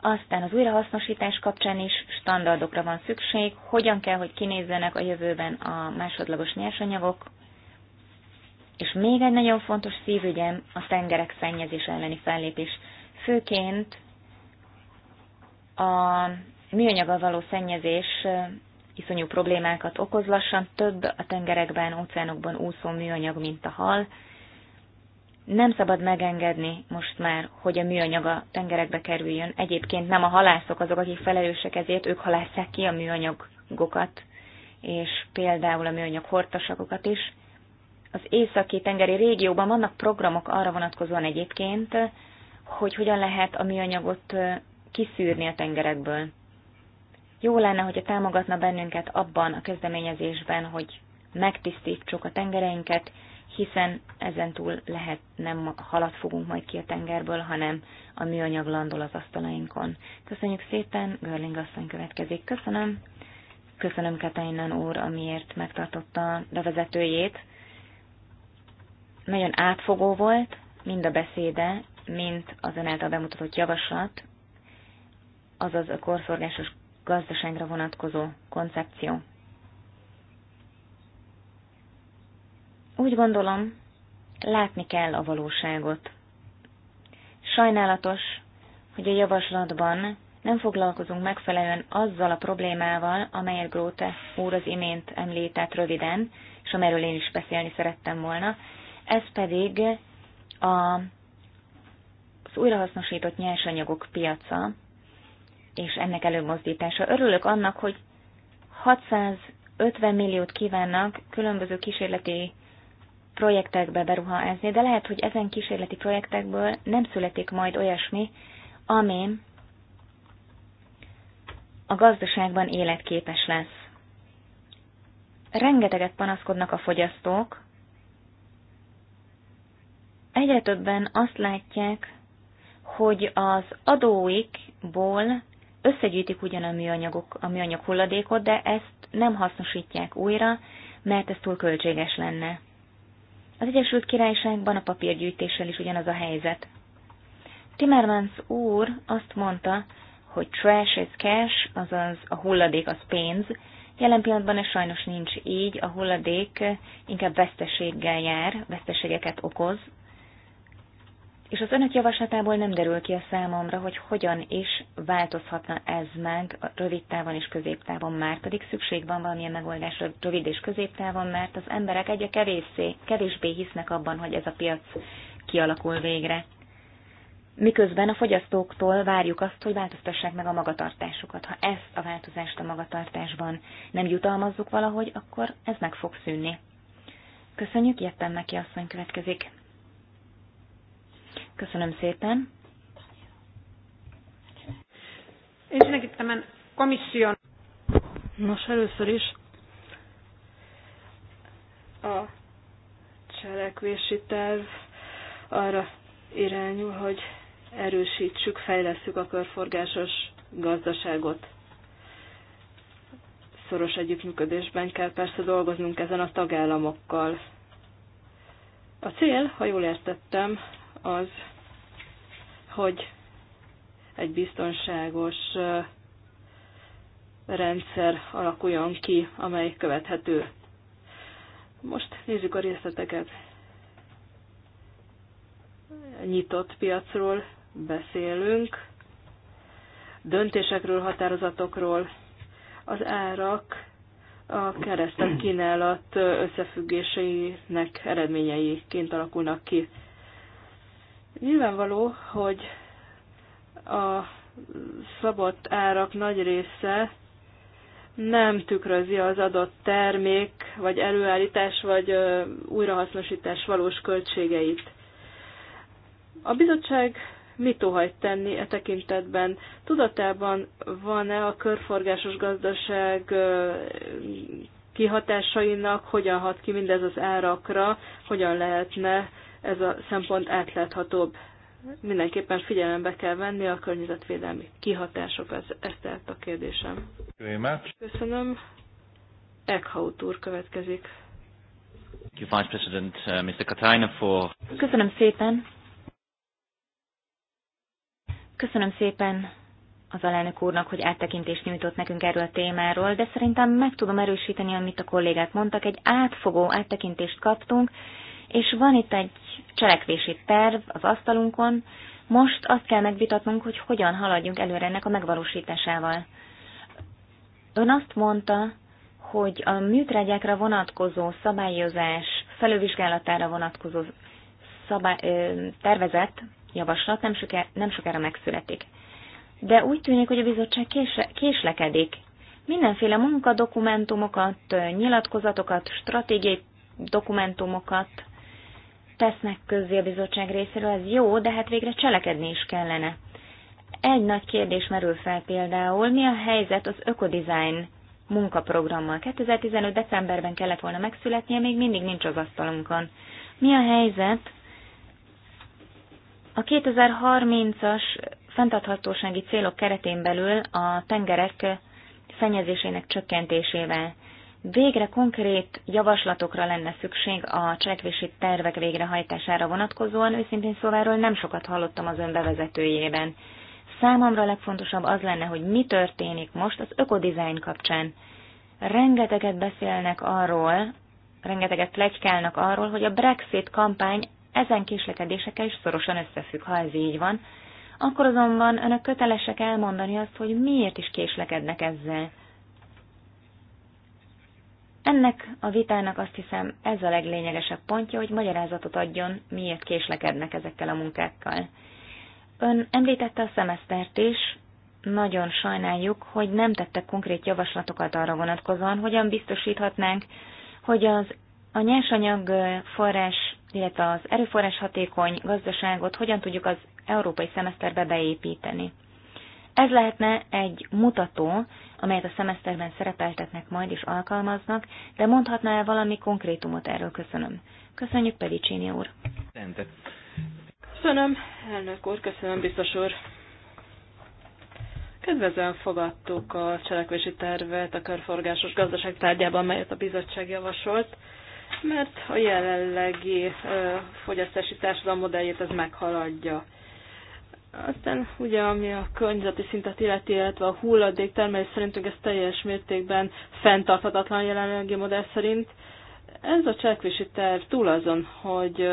Aztán az újrahasznosítás kapcsán is standardokra van szükség, hogyan kell, hogy kinézzenek a jövőben a másodlagos nyersanyagok, és még egy nagyon fontos szívügyem a tengerek szennyezés elleni fellépés. Főként a műanyaggal való szennyezés iszonyú problémákat okoz lassan, több a tengerekben, óceánokban úszó műanyag, mint a hal. Nem szabad megengedni most már, hogy a műanyag a tengerekbe kerüljön. Egyébként nem a halászok azok, akik felelősek ezért, ők halásszák ki a műanyagokat, és például a műanyag hortasakokat is. Az északi tengeri régióban vannak programok arra vonatkozóan egyébként, hogy hogyan lehet a műanyagot kiszűrni a tengerekből. Jó lenne, hogyha támogatna bennünket abban a kezdeményezésben, hogy megtisztítsuk a tengereinket, hiszen ezen túl lehet nem halat fogunk majd ki a tengerből, hanem a műanyag landol az asztalainkon. Köszönjük szépen, Görling asszony következik. Köszönöm. Köszönöm Katainan úr, amiért megtartotta a bevezetőjét. Nagyon átfogó volt, mind a beszéde, mint az ön által bemutatott javaslat, azaz a korszorgásos gazdaságra vonatkozó koncepció. Úgy gondolom, látni kell a valóságot. Sajnálatos, hogy a javaslatban nem foglalkozunk megfelelően azzal a problémával, amelyet Gróte úr az imént említett röviden, és amiről én is beszélni szerettem volna, ez pedig a, az újrahasznosított nyersanyagok piaca, és ennek előmozdítása. Örülök annak, hogy 650 milliót kívánnak különböző kísérleti projektekbe beruházni, de lehet, hogy ezen kísérleti projektekből nem születik majd olyasmi, ami a gazdaságban életképes lesz. Rengeteget panaszkodnak a fogyasztók, egyre többen azt látják, hogy az adóikból összegyűjtik ugyan a műanyagok, a műanyag hulladékot, de ezt nem hasznosítják újra, mert ez túl költséges lenne. Az Egyesült Királyságban a papírgyűjtéssel is ugyanaz a helyzet. Timmermans úr azt mondta, hogy trash is cash, azaz a hulladék az pénz. Jelen pillanatban ez sajnos nincs így, a hulladék inkább veszteséggel jár, veszteségeket okoz, és az önök javaslatából nem derül ki a számomra, hogy hogyan is változhatna ez meg rövid távon és középtávon már, pedig szükség van valamilyen megoldásra rövid és középtávon, mert az emberek egyre kevéssé, kevésbé hisznek abban, hogy ez a piac kialakul végre. Miközben a fogyasztóktól várjuk azt, hogy változtassák meg a magatartásukat. Ha ezt a változást a magatartásban nem jutalmazzuk valahogy, akkor ez meg fog szűnni. Köszönjük, jöttem neki asszony következik. Köszönöm szépen. Ensinnäkin a komisszión. Nos, először is a cselekvési terv arra irányul, hogy erősítsük, fejlesztjük a körforgásos gazdaságot. Szoros együttműködésben kell persze dolgoznunk ezen a tagállamokkal. A cél, ha jól értettem, az, hogy egy biztonságos rendszer alakuljon ki, amely követhető. Most nézzük a részleteket. Nyitott piacról beszélünk, döntésekről, határozatokról, az árak a keresztet kínálat összefüggéseinek eredményeiként alakulnak ki. Nyilvánvaló, hogy a szabott árak nagy része nem tükrözi az adott termék, vagy előállítás, vagy újrahasznosítás valós költségeit. A bizottság mit óhajt tenni e tekintetben? Tudatában van-e a körforgásos gazdaság kihatásainak, hogyan hat ki mindez az árakra, hogyan lehetne ez a szempont átláthatóbb. Mindenképpen figyelembe kell venni a környezetvédelmi kihatások, ez, ez tehát a kérdésem. Köszönöm. Eckhout úr következik. Uh, Köszönöm szépen. Köszönöm szépen az alelnök úrnak, hogy áttekintést nyújtott nekünk erről a témáról, de szerintem meg tudom erősíteni, amit a kollégák mondtak. Egy átfogó áttekintést kaptunk, és van itt egy cselekvési terv az asztalunkon, most azt kell megvitatnunk, hogy hogyan haladjunk előre ennek a megvalósításával. Ön azt mondta, hogy a műtrágyákra vonatkozó szabályozás felővizsgálatára vonatkozó szabály, ö, tervezet, javaslat nem, soká, nem sokára megszületik. De úgy tűnik, hogy a bizottság késle, késlekedik. Mindenféle munkadokumentumokat, nyilatkozatokat, stratégiai dokumentumokat tesznek közzé a bizottság részéről, ez jó, de hát végre cselekedni is kellene. Egy nagy kérdés merül fel például, mi a helyzet az ökodizájn munkaprogrammal. 2015. decemberben kellett volna megszületnie, még mindig nincs az asztalunkon. Mi a helyzet a 2030-as fenntarthatósági célok keretén belül a tengerek szennyezésének csökkentésével? Végre konkrét javaslatokra lenne szükség a cselekvési tervek végrehajtására vonatkozóan, őszintén szóváról nem sokat hallottam az ön bevezetőjében. Számomra legfontosabb az lenne, hogy mi történik most az ökodizájn kapcsán. Rengeteget beszélnek arról, rengeteget plegykálnak arról, hogy a Brexit kampány ezen késlekedésekkel is szorosan összefügg, ha ez így van, akkor azonban önök kötelesek elmondani azt, hogy miért is késlekednek ezzel. Ennek a vitának azt hiszem ez a leglényegesebb pontja, hogy magyarázatot adjon, miért késlekednek ezekkel a munkákkal. Ön említette a szemesztert is, nagyon sajnáljuk, hogy nem tettek konkrét javaslatokat arra vonatkozóan, hogyan biztosíthatnánk, hogy az a nyersanyag forrás, illetve az erőforrás hatékony gazdaságot hogyan tudjuk az európai szemeszterbe beépíteni. Ez lehetne egy mutató, amelyet a szemeszterben szerepeltetnek majd és alkalmaznak, de mondhatná el valami konkrétumot erről? Köszönöm. Köszönjük Csini úr. Köszönöm, elnök úr, köszönöm, biztos úr. Kedvezően fogadtuk a cselekvési tervet a körforgásos gazdaság tárgyában, melyet a bizottság javasolt, mert a jelenlegi fogyasztási társadalom modelljét ez meghaladja. Aztán ugye, ami a környezeti szintet illeti, illetve a hulladék termelés szerintünk ez teljes mértékben fenntarthatatlan jelenlegi modell szerint. Ez a cselekvési terv túl azon, hogy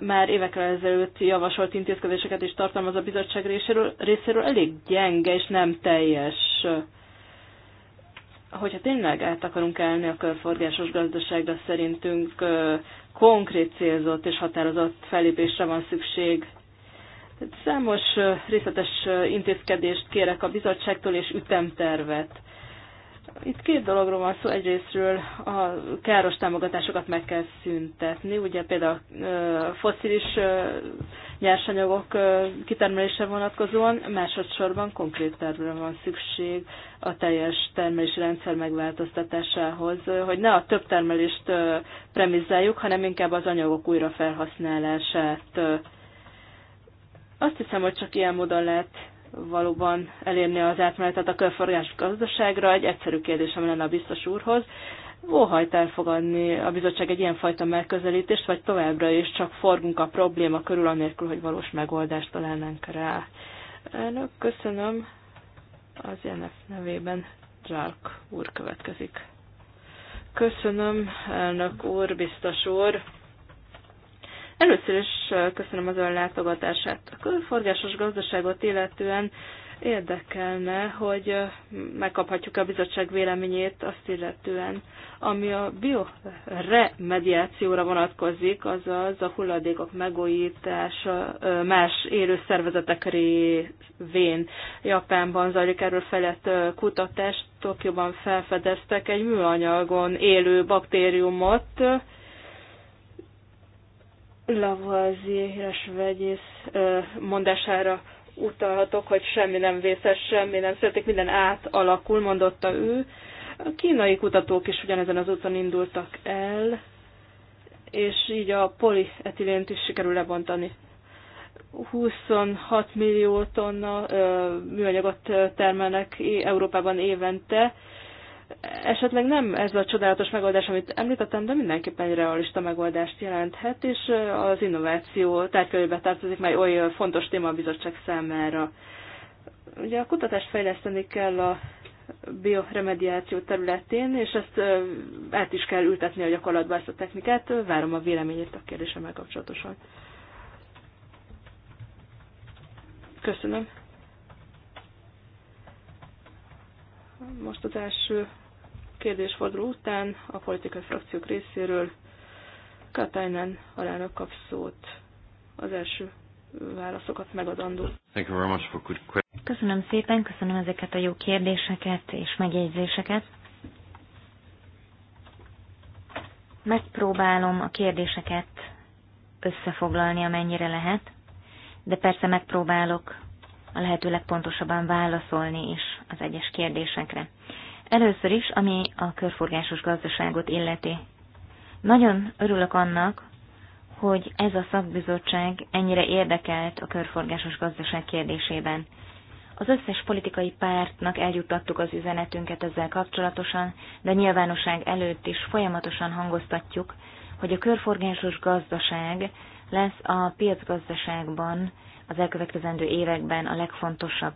már évekkel ezelőtt javasolt intézkedéseket is tartalmaz a bizottság részéről, részéről elég gyenge és nem teljes. Hogyha tényleg át akarunk állni a körforgásos gazdaságra, szerintünk konkrét célzott és határozott felépésre van szükség Számos részletes intézkedést kérek a bizottságtól és ütemtervet. Itt két dologról van szó. Egyrésztről a káros támogatásokat meg kell szüntetni. Ugye például foszilis nyersanyagok kitermelése vonatkozóan, másodszorban konkrét tervre van szükség a teljes termelési rendszer megváltoztatásához, hogy ne a több termelést premizáljuk, hanem inkább az anyagok újrafelhasználását azt hiszem, hogy csak ilyen módon lehet valóban elérni az átmenetet a körforgás gazdaságra. Egy egyszerű kérdésem lenne a biztos úrhoz. Óhajt elfogadni a bizottság egy ilyenfajta megközelítést, vagy továbbra is csak forgunk a probléma körül, anélkül, hogy valós megoldást találnánk rá. Elnök, köszönöm. Az INF nevében Zsálk úr következik. Köszönöm, elnök úr, biztos úr. Először is köszönöm az ön látogatását. A körforgásos gazdaságot illetően érdekelne, hogy megkaphatjuk a bizottság véleményét azt illetően, ami a bioremediációra vonatkozik, azaz a hulladékok megújítása más élő szervezetek révén. Japánban zajlik erről felett kutatást, Tokióban felfedeztek egy műanyagon élő baktériumot, Lavoisier híres vegyész mondására utalhatok, hogy semmi nem vészes, semmi nem születik, minden átalakul, mondotta ő. A kínai kutatók is ugyanezen az úton indultak el, és így a polietilént is sikerül lebontani. 26 millió tonna műanyagot termelnek Európában évente, esetleg nem ez a csodálatos megoldás, amit említettem, de mindenképpen egy realista megoldást jelenthet, és az innováció tárgyalébe tartozik, mely oly fontos téma a bizottság számára. Ugye a kutatást fejleszteni kell a bioremediáció területén, és ezt át is kell ültetni a gyakorlatba ezt a technikát. Várom a véleményét a kérdésemmel kapcsolatosan. Köszönöm. Most az első kérdésforduló után a politikai frakciók részéről Katainen alelnök kap szót az első válaszokat megadandó. Köszönöm szépen, köszönöm ezeket a jó kérdéseket és megjegyzéseket. Megpróbálom a kérdéseket összefoglalni, amennyire lehet, de persze megpróbálok a lehető legpontosabban válaszolni is az egyes kérdésekre. Először is, ami a körforgásos gazdaságot illeti. Nagyon örülök annak, hogy ez a szakbizottság ennyire érdekelt a körforgásos gazdaság kérdésében. Az összes politikai pártnak eljuttattuk az üzenetünket ezzel kapcsolatosan, de nyilvánosság előtt is folyamatosan hangoztatjuk, hogy a körforgásos gazdaság lesz a piacgazdaságban az elkövetkezendő években a legfontosabb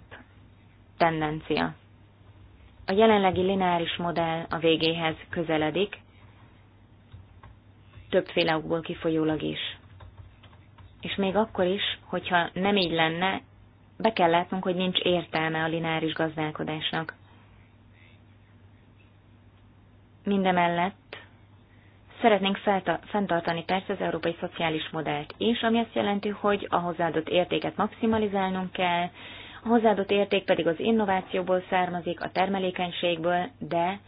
tendencia a jelenlegi lineáris modell a végéhez közeledik, többféle okból kifolyólag is. És még akkor is, hogyha nem így lenne, be kell látnunk, hogy nincs értelme a lineáris gazdálkodásnak. Mindemellett szeretnénk fenntartani persze az európai szociális modellt is, ami azt jelenti, hogy a hozzáadott értéket maximalizálnunk kell, hozzáadott érték pedig az innovációból származik, a termelékenységből, de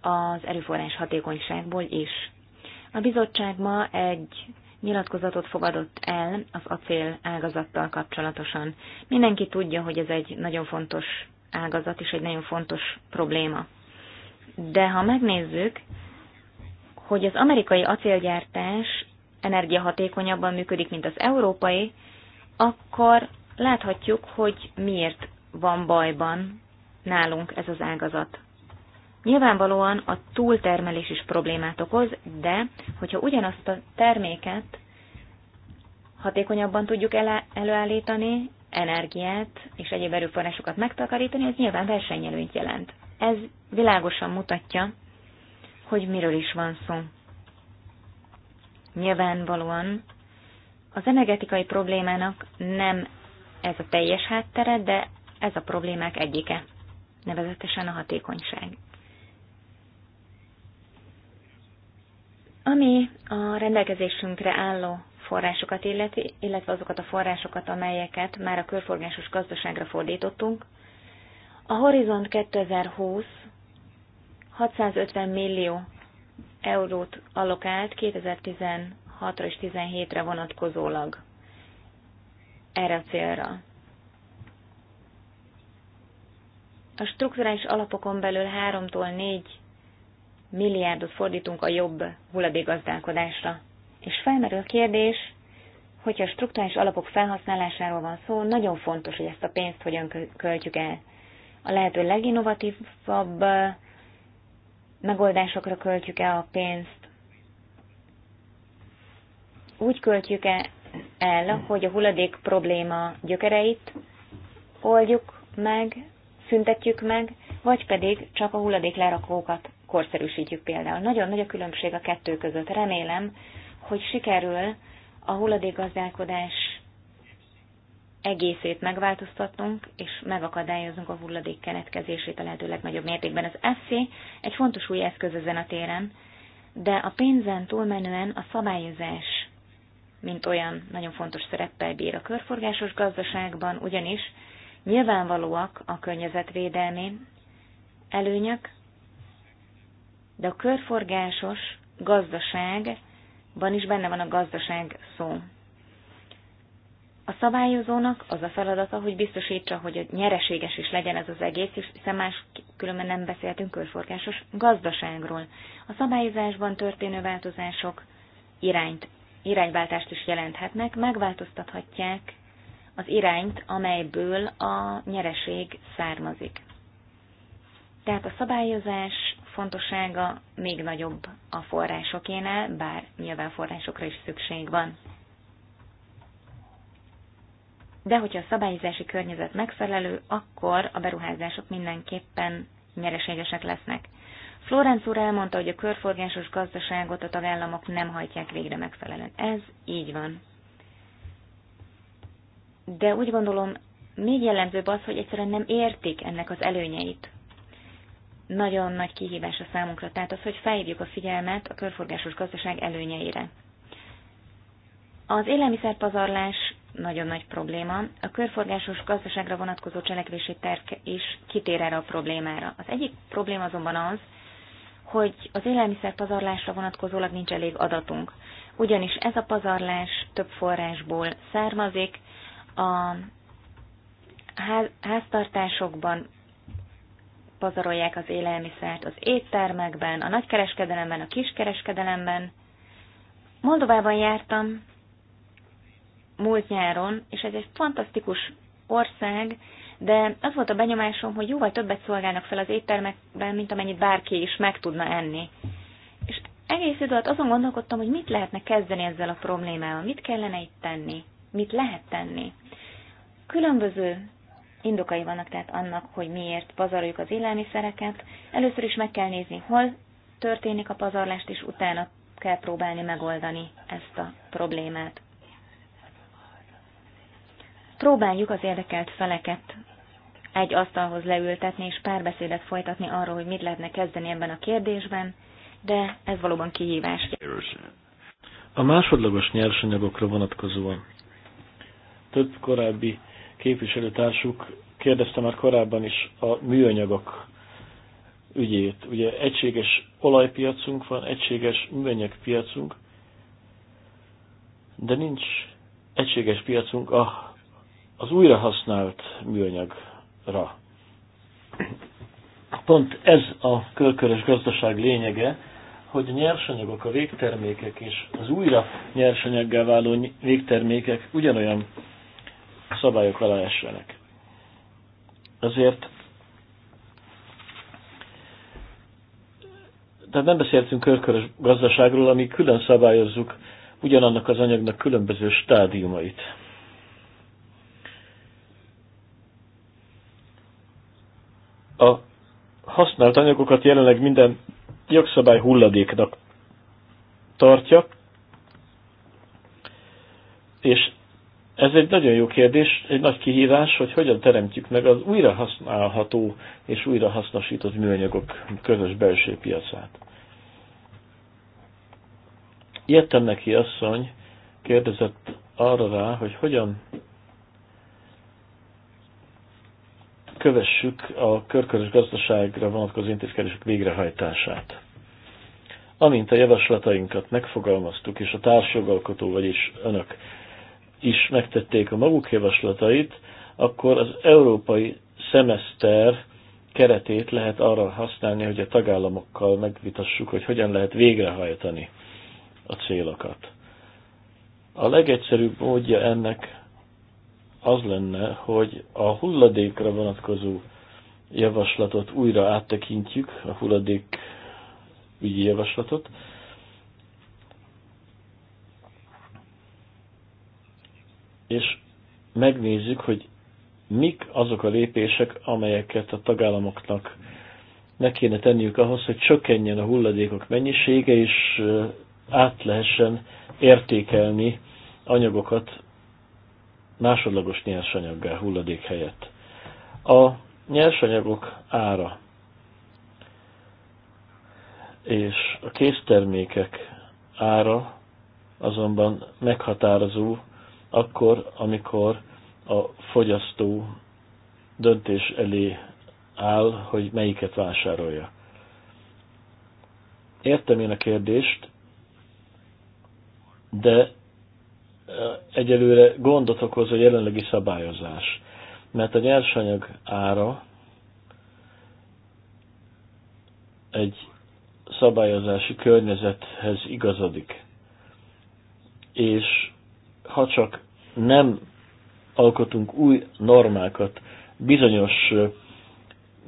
az erőforrás hatékonyságból is. A bizottság ma egy nyilatkozatot fogadott el az acél ágazattal kapcsolatosan. Mindenki tudja, hogy ez egy nagyon fontos ágazat és egy nagyon fontos probléma. De ha megnézzük, hogy az amerikai acélgyártás energiahatékonyabban működik, mint az európai, akkor Láthatjuk, hogy miért van bajban nálunk ez az ágazat. Nyilvánvalóan a túltermelés is problémát okoz, de hogyha ugyanazt a terméket hatékonyabban tudjuk előállítani, energiát és egyéb erőforrásokat megtakarítani, ez nyilván versenyelőnyt jelent. Ez világosan mutatja, hogy miről is van szó. Nyilvánvalóan az energetikai problémának nem ez a teljes háttere, de ez a problémák egyike, nevezetesen a hatékonyság. Ami a rendelkezésünkre álló forrásokat illeti, illetve azokat a forrásokat, amelyeket már a körforgásos gazdaságra fordítottunk, a Horizont 2020 650 millió eurót alokált 2016-ra és 2017-re vonatkozólag erre a célra. A strukturális alapokon belül 3-tól 4 milliárdot fordítunk a jobb hulladékgazdálkodásra. És felmerül a kérdés, hogyha a strukturális alapok felhasználásáról van szó, nagyon fontos, hogy ezt a pénzt hogyan költjük el. A lehető leginnovatívabb megoldásokra költjük el a pénzt. Úgy költjük el el, hogy a hulladék probléma gyökereit oldjuk meg, szüntetjük meg, vagy pedig csak a hulladék lerakókat korszerűsítjük például. Nagyon nagy a különbség a kettő között. Remélem, hogy sikerül a hulladékgazdálkodás egészét megváltoztatnunk, és megakadályozunk a hulladék keletkezését a lehető legnagyobb mértékben. Az eszé egy fontos új eszköz ezen a téren, de a pénzen túlmenően a szabályozás mint olyan nagyon fontos szereppel bír a körforgásos gazdaságban, ugyanis nyilvánvalóak a környezetvédelmi előnyök, de a körforgásos gazdaságban is benne van a gazdaság szó. A szabályozónak az a feladata, hogy biztosítsa, hogy a nyereséges is legyen ez az egész, hiszen más különben nem beszéltünk körforgásos gazdaságról. A szabályozásban történő változások irányt irányváltást is jelenthetnek, megváltoztathatják az irányt, amelyből a nyereség származik. Tehát a szabályozás fontossága még nagyobb a forrásokénál, bár nyilván forrásokra is szükség van. De hogyha a szabályozási környezet megfelelő, akkor a beruházások mindenképpen nyereségesek lesznek. Florenc úr elmondta, hogy a körforgásos gazdaságot a tagállamok nem hajtják végre megfelelően. Ez így van. De úgy gondolom, még jellemzőbb az, hogy egyszerűen nem értik ennek az előnyeit. Nagyon nagy kihívás a számunkra, tehát az, hogy felhívjuk a figyelmet a körforgásos gazdaság előnyeire. Az élelmiszerpazarlás nagyon nagy probléma. A körforgásos gazdaságra vonatkozó cselekvési terv is kitér erre a problémára. Az egyik probléma azonban az, hogy az élelmiszer pazarlásra vonatkozólag nincs elég adatunk. Ugyanis ez a pazarlás több forrásból származik, a háztartásokban pazarolják az élelmiszert, az éttermekben, a nagykereskedelemben, a kiskereskedelemben. Moldovában jártam múlt nyáron, és ez egy fantasztikus ország, de az volt a benyomásom, hogy jóval többet szolgálnak fel az éttermekben, mint amennyit bárki is meg tudna enni. És egész idő alatt azon gondolkodtam, hogy mit lehetne kezdeni ezzel a problémával, mit kellene itt tenni, mit lehet tenni. Különböző indokai vannak tehát annak, hogy miért pazaroljuk az élelmiszereket. Először is meg kell nézni, hol történik a pazarlást, és utána kell próbálni megoldani ezt a problémát. Próbáljuk az érdekelt feleket egy asztalhoz leültetni és párbeszédet folytatni arról, hogy mit lehetne kezdeni ebben a kérdésben, de ez valóban kihívás. A másodlagos nyersanyagokra vonatkozóan több korábbi képviselőtársuk kérdezte már korábban is a műanyagok ügyét. Ugye egységes olajpiacunk van, egységes műanyagpiacunk, de nincs egységes piacunk a, az újrahasznált műanyag ra. Pont ez a körkörös gazdaság lényege, hogy a nyersanyagok, a végtermékek és az újra nyersanyaggá váló végtermékek ugyanolyan szabályok alá essenek. Azért tehát nem beszéltünk körkörös gazdaságról, ami külön szabályozzuk ugyanannak az anyagnak különböző stádiumait. a használt anyagokat jelenleg minden jogszabály hulladéknak tartja, és ez egy nagyon jó kérdés, egy nagy kihívás, hogy hogyan teremtjük meg az újrahasználható és újrahasznosított műanyagok közös belső piacát. Jettem neki asszony kérdezett arra rá, hogy hogyan kövessük a körkörös gazdaságra vonatkozó intézkedések végrehajtását. Amint a javaslatainkat megfogalmaztuk, és a társjogalkotó, vagyis önök is megtették a maguk javaslatait, akkor az európai szemeszter keretét lehet arra használni, hogy a tagállamokkal megvitassuk, hogy hogyan lehet végrehajtani a célokat. A legegyszerűbb módja ennek az lenne, hogy a hulladékra vonatkozó javaslatot újra áttekintjük, a hulladék ügyi javaslatot, és megnézzük, hogy mik azok a lépések, amelyeket a tagállamoknak ne kéne tenniük ahhoz, hogy csökkenjen a hulladékok mennyisége, és át lehessen értékelni anyagokat másodlagos nyersanyaggá, hulladék helyett. A nyersanyagok ára és a késztermékek ára azonban meghatározó akkor, amikor a fogyasztó döntés elé áll, hogy melyiket vásárolja. Értem én a kérdést, de egyelőre gondot okoz a jelenlegi szabályozás. Mert a nyersanyag ára egy szabályozási környezethez igazodik. És ha csak nem alkotunk új normákat bizonyos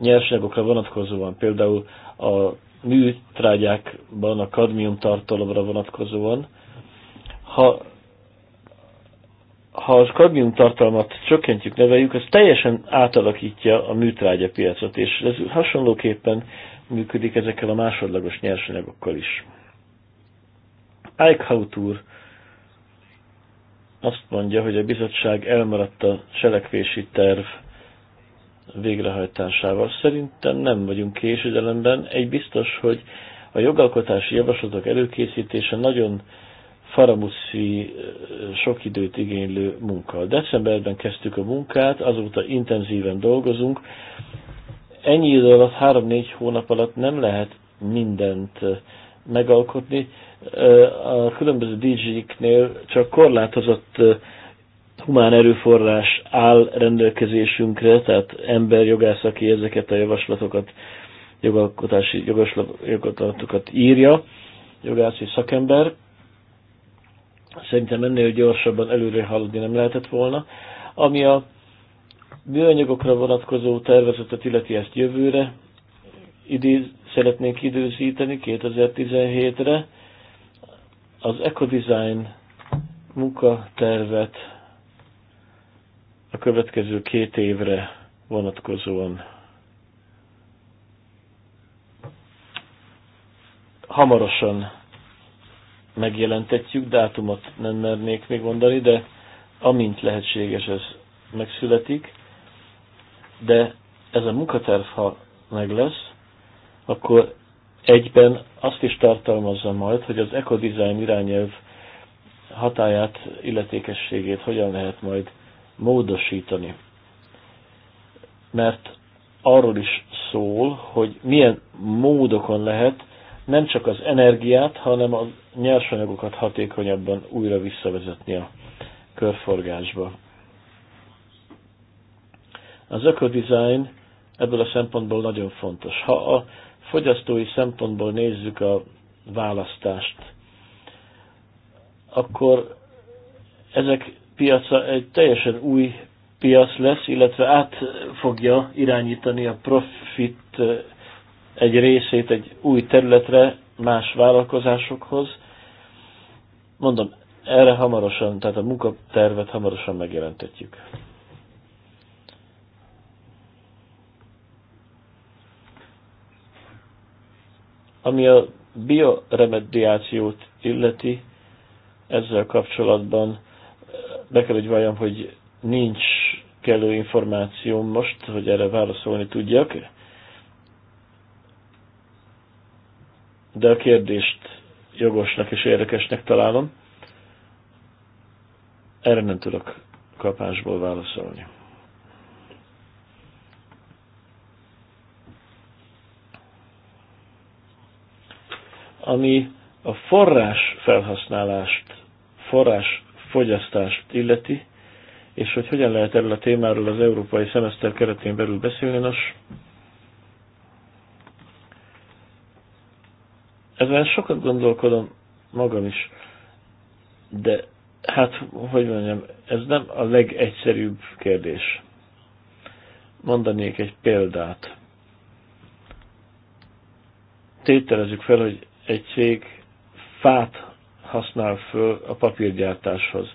nyersanyagokra vonatkozóan, például a műtrágyákban a kadmium tartalomra vonatkozóan, ha ha az kadmium tartalmat csökkentjük, növeljük, az teljesen átalakítja a műtrágya piacot, és ez hasonlóképpen működik ezekkel a másodlagos nyersanyagokkal is. Eichhaut úr azt mondja, hogy a bizottság elmaradt a cselekvési terv végrehajtásával. Szerintem nem vagyunk késődelemben. Egy biztos, hogy a jogalkotási javaslatok előkészítése nagyon faramuszi eh, sok időt igénylő munka. Decemberben kezdtük a munkát, azóta intenzíven dolgozunk. Ennyi idő alatt, három-négy hónap alatt nem lehet mindent eh, megalkotni. Eh, a különböző DJ-knél csak korlátozott humán erőforrás áll rendelkezésünkre, tehát emberjogász, aki ezeket a javaslatokat, jogalkotási javaslatokat írja, jogászi szakember, Szerintem ennél gyorsabban előre haladni nem lehetett volna. Ami a műanyagokra vonatkozó tervezetet illeti ezt jövőre, idéz, szeretnénk időzíteni 2017-re. Az ecodesign munkatervet a következő két évre vonatkozóan hamarosan megjelentetjük, dátumot nem mernék még mondani, de amint lehetséges ez megszületik, de ez a munkaterv, ha meg lesz, akkor egyben azt is tartalmazza majd, hogy az ekodizájn irányelv hatáját, illetékességét hogyan lehet majd módosítani. Mert arról is szól, hogy milyen módokon lehet nem csak az energiát, hanem az nyersanyagokat hatékonyabban újra visszavezetni a körforgásba. Az ökodizájn ebből a szempontból nagyon fontos. Ha a fogyasztói szempontból nézzük a választást, akkor ezek piaca egy teljesen új piac lesz, illetve át fogja irányítani a profit eh, egy részét egy új területre, más vállalkozásokhoz, Mondom, erre hamarosan, tehát a munkatervet hamarosan megjelentetjük. Ami a bioremediációt illeti, ezzel kapcsolatban be kell, hogy valljam, hogy nincs kellő információm most, hogy erre válaszolni tudjak. De a kérdést jogosnak és érdekesnek találom. Erre nem tudok kapásból válaszolni. Ami a forrás felhasználást, forrás fogyasztást illeti, és hogy hogyan lehet erről a témáról az európai szemeszter keretén belül beszélni, nos, Ezzel sokat gondolkodom magam is, de hát, hogy mondjam, ez nem a legegyszerűbb kérdés. Mondanék egy példát. Tételezzük fel, hogy egy cég fát használ föl a papírgyártáshoz.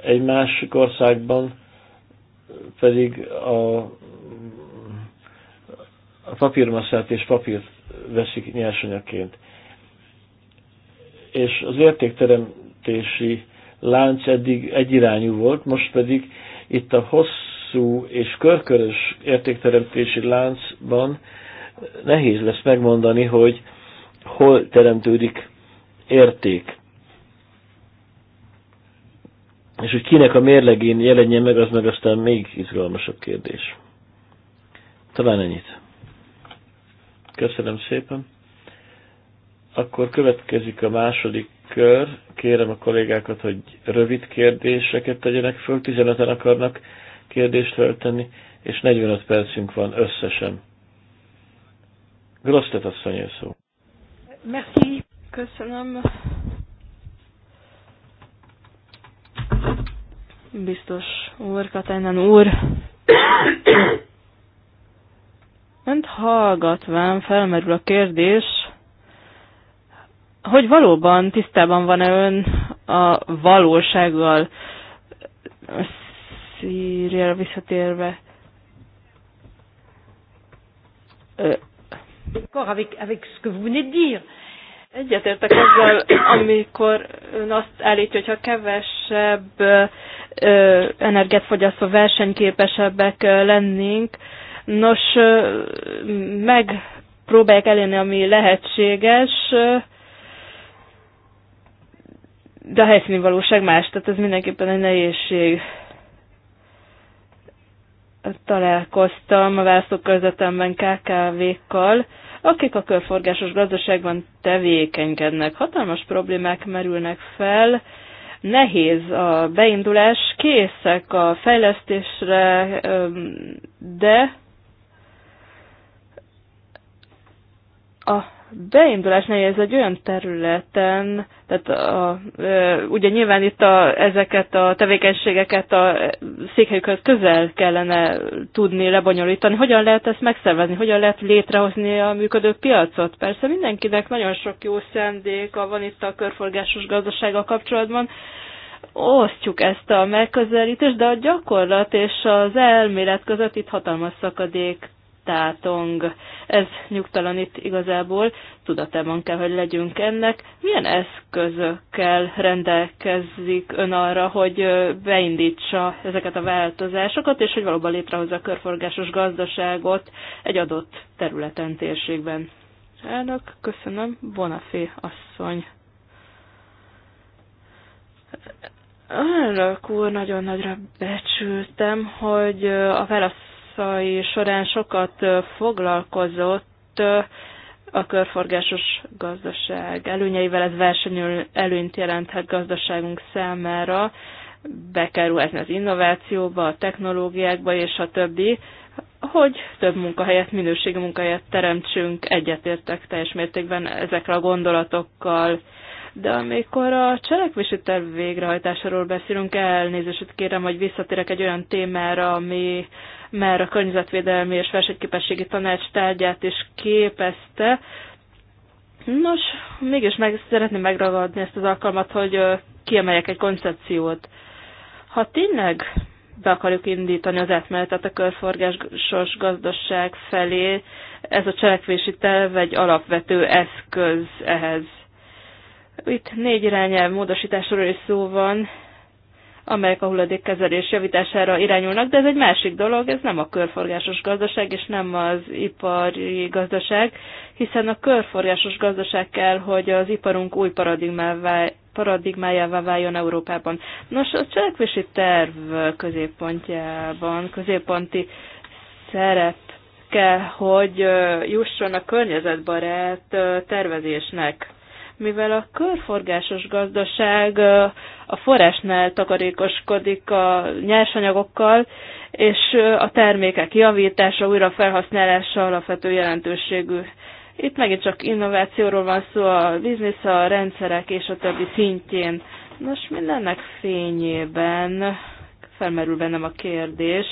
Egy másik országban pedig a, a papírmaszát és papírt veszik nyersanyagként és az értékteremtési lánc eddig egyirányú volt, most pedig itt a hosszú és körkörös értékteremtési láncban nehéz lesz megmondani, hogy hol teremtődik érték. És hogy kinek a mérlegén jelenjen meg, az meg aztán még izgalmasabb kérdés. Talán ennyit. Köszönöm szépen. Akkor következik a második kör. Kérem a kollégákat, hogy rövid kérdéseket tegyenek föl. 15 akarnak kérdést feltenni, és 45 percünk van összesen. Grosztet asszony szó. Merci. Köszönöm. Biztos úr, Katainen úr. Önt hallgatván felmerül a kérdés, hogy valóban tisztában van-e ön a valósággal Szíriára visszatérve? Avec, avec ce que vous venez de dire. Egyetértek azzal, amikor ön azt állítja, hogy ha kevesebb energiát fogyasztva versenyképesebbek lennénk, nos, megpróbálják elérni, ami lehetséges, de a helyszíni valóság más, tehát ez mindenképpen egy nehézség. Találkoztam a választókörzetemben KKV-kkal, akik a körforgásos gazdaságban tevékenykednek. Hatalmas problémák merülnek fel, nehéz a beindulás, készek a fejlesztésre, de a Beindulás ez egy olyan területen, tehát a, ugye nyilván itt a, ezeket a tevékenységeket a székhelyükhöz közel kellene tudni lebonyolítani. Hogyan lehet ezt megszervezni? Hogyan lehet létrehozni a működő piacot? Persze mindenkinek nagyon sok jó szendéka van itt a körforgásos gazdasággal kapcsolatban, osztjuk ezt a megközelítést, de a gyakorlat és az elmélet között itt hatalmas szakadék tátong. Ez nyugtalanít igazából, tudatában kell, hogy legyünk ennek. Milyen eszközökkel rendelkezik ön arra, hogy beindítsa ezeket a változásokat, és hogy valóban létrehozza a körforgásos gazdaságot egy adott területen, térségben? Elnök, köszönöm. Bonafé asszony. Elnök úr, nagyon nagyra becsültem, hogy a válasz válaszai során sokat foglalkozott a körforgásos gazdaság előnyeivel, ez versenyül előnyt jelenthet gazdaságunk számára, be kell ruházni az innovációba, a technológiákba és a többi, hogy több munkahelyet, minőségi munkahelyet teremtsünk, egyetértek teljes mértékben ezekre a gondolatokkal, de amikor a cselekvési terv végrehajtásáról beszélünk, elnézést kérem, hogy visszatérek egy olyan témára, ami már a környezetvédelmi és versenyképességi tanács tárgyát is képezte. Nos, mégis meg szeretném megragadni ezt az alkalmat, hogy kiemeljek egy koncepciót. Ha tényleg be akarjuk indítani az átmenetet a körforgásos gazdaság felé, ez a cselekvési terv egy alapvető eszköz ehhez. Itt négy irányelv módosításról is szó van, amelyek a hulladékkezelés javítására irányulnak, de ez egy másik dolog, ez nem a körforgásos gazdaság, és nem az ipari gazdaság, hiszen a körforgásos gazdaság kell, hogy az iparunk új paradigmájává váljon Európában. Nos, a cselekvési terv középpontjában, középponti szerep kell, hogy jusson a környezetbarát tervezésnek mivel a körforgásos gazdaság a forrásnál takarékoskodik a nyersanyagokkal, és a termékek javítása, újrafelhasználása alapvető jelentőségű. Itt megint csak innovációról van szó a biznisz, a rendszerek és a többi szintjén. Nos, mindennek fényében felmerül bennem a kérdés,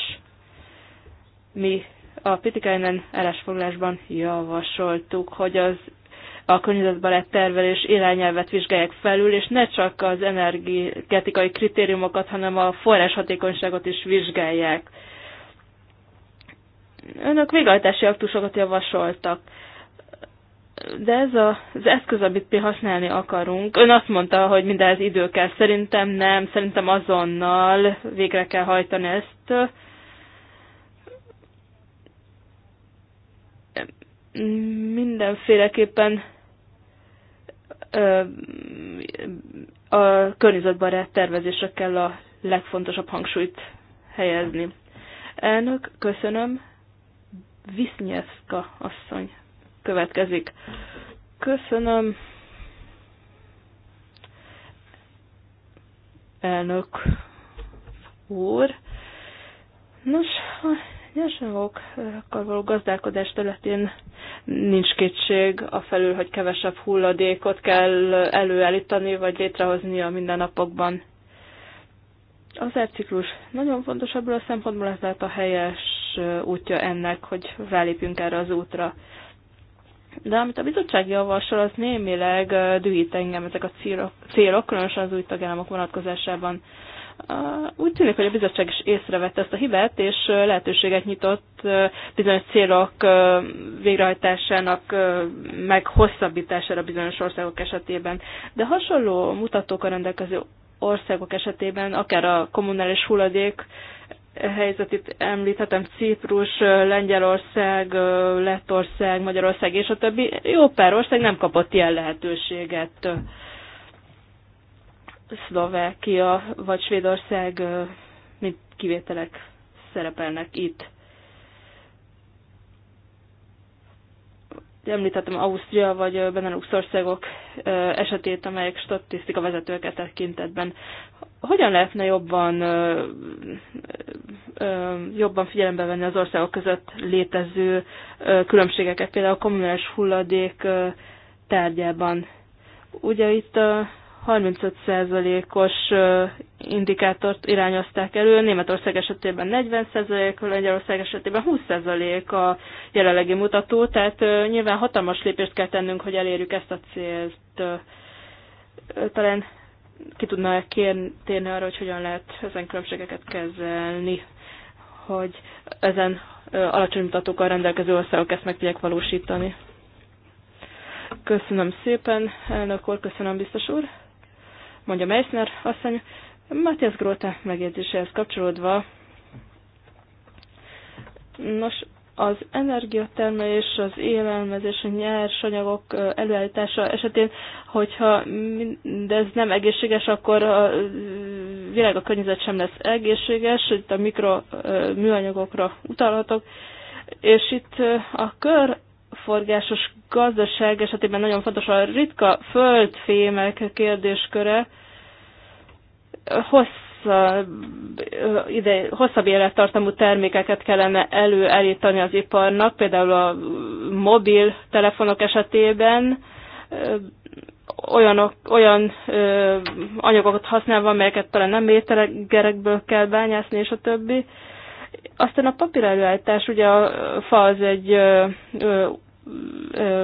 mi a Pitikainen elásfoglásban javasoltuk, hogy az a környezetbarát tervelés irányelvet vizsgálják felül, és ne csak az energetikai kritériumokat, hanem a forrás hatékonyságot is vizsgálják. Önök végrehajtási aktusokat javasoltak. De ez a, az eszköz, amit mi használni akarunk, ön azt mondta, hogy mindez idő kell. Szerintem nem, szerintem azonnal végre kell hajtani ezt. Mindenféleképpen a környezetbarát tervezésre kell a legfontosabb hangsúlyt helyezni. Elnök, köszönöm. Visznyevska asszony következik. Köszönöm. Elnök úr. Nos, nyersanyagokkal való gazdálkodás területén nincs kétség a felül, hogy kevesebb hulladékot kell előállítani, vagy létrehozni a mindennapokban. Az erciklus nagyon fontos ebből a szempontból, ez lehet a helyes útja ennek, hogy rálépjünk erre az útra. De amit a bizottság javasol, az némileg dühít engem ezek a célok, célok különösen az új tagállamok vonatkozásában. Úgy tűnik, hogy a bizottság is észrevette ezt a hibát, és lehetőséget nyitott bizonyos célok végrehajtásának meghosszabbítására bizonyos országok esetében. De hasonló mutatókkal rendelkező országok esetében, akár a kommunális hulladék helyzetét említhetem, Ciprus, Lengyelország, Lettország, Magyarország és a többi, jó pár ország nem kapott ilyen lehetőséget. Szlovákia vagy Svédország, mint kivételek szerepelnek itt. Említettem Ausztria vagy Benelux országok esetét, amelyek statisztika vezetőket tekintetben hogyan lehetne jobban, jobban figyelembe venni az országok között létező különbségeket, például a kommunális hulladék tárgyában? Ugye itt a 35%-os indikátort irányozták elő, Németország esetében 40%, Lengyelország esetében 20% a jelenlegi mutató, tehát nyilván hatalmas lépést kell tennünk, hogy elérjük ezt a célt. Talán ki tudna -e kérni arra, hogy hogyan lehet ezen különbségeket kezelni, hogy ezen alacsony mutatókkal rendelkező országok ezt meg tudják valósítani. Köszönöm szépen, elnök úr, köszönöm biztos úr mondja Meissner asszony. Matthias Gróta megjegyzéséhez kapcsolódva, nos, az energiatermelés, az élelmezés, a nyersanyagok előállítása esetén, hogyha mindez nem egészséges, akkor a világ a környezet sem lesz egészséges, itt a mikroműanyagokra utalhatok, és itt a kör forgásos gazdaság esetében nagyon fontos a ritka földfémek kérdésköre. Hosszabb, ide, hosszabb élettartamú termékeket kellene előállítani az iparnak, például a mobil telefonok esetében olyanok, olyan ö, anyagokat használva, amelyeket talán nem méterekből kell bányászni, és a többi. Ö, aztán a papír előállítás ugye a fa az egy ö, ö, ö,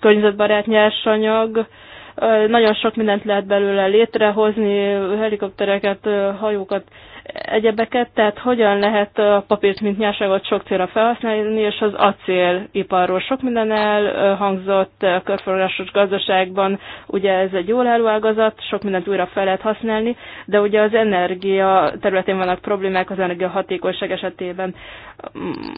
környezetbarát nyersanyag, nagyon sok mindent lehet belőle létrehozni, helikoptereket, hajókat, egyebeket, tehát hogyan lehet a papírt, mint nyersanyagot sok célra felhasználni, és az acéliparról sok minden elhangzott körforgásos gazdaságban, ugye ez egy jól álló ágazat, sok mindent újra fel lehet használni, de ugye az energia területén vannak problémák az hatékonyság esetében.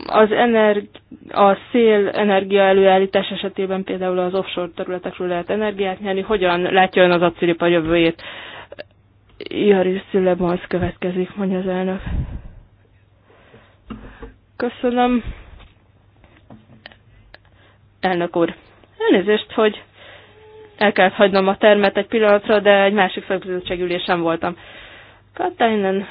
Az energi- a szél energia előállítás esetében például az offshore területekről lehet energiát nyerni, hogyan látja ön az acélipar jövőjét? Iharis Szülebansz következik, mondja az elnök. Köszönöm. Elnök úr, elnézést, hogy el kellett hagynom a termet egy pillanatra, de egy másik szakbizottságülésen voltam. Katainen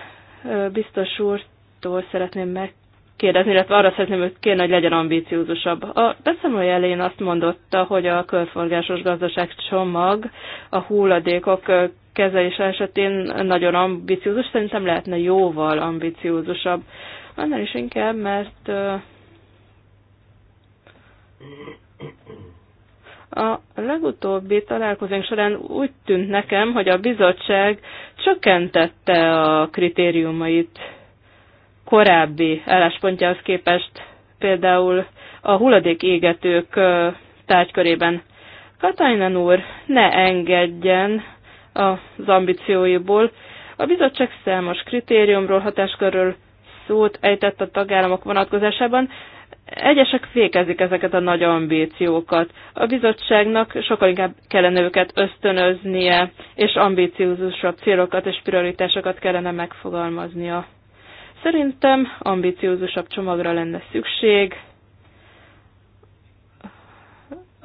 biztos úrtól szeretném megkérdezni, illetve arra szeretném hogy kérni, hogy legyen ambíciózusabb. A beszámolója elén azt mondotta, hogy a körforgásos gazdaság csomag a hulladékok kezelése esetén nagyon ambiciózus, szerintem lehetne jóval ambiciózusabb. Annál is inkább, mert a legutóbbi találkozónk során úgy tűnt nekem, hogy a bizottság csökkentette a kritériumait korábbi álláspontjához képest, például a hulladék égetők tárgykörében. Katajnan úr, ne engedjen az ambícióiból. A bizottság számos kritériumról, hatáskörről szót ejtett a tagállamok vonatkozásában. Egyesek fékezik ezeket a nagy ambíciókat. A bizottságnak sokkal inkább kellene őket ösztönöznie, és ambíciózusabb célokat és prioritásokat kellene megfogalmaznia. Szerintem ambíciózusabb csomagra lenne szükség,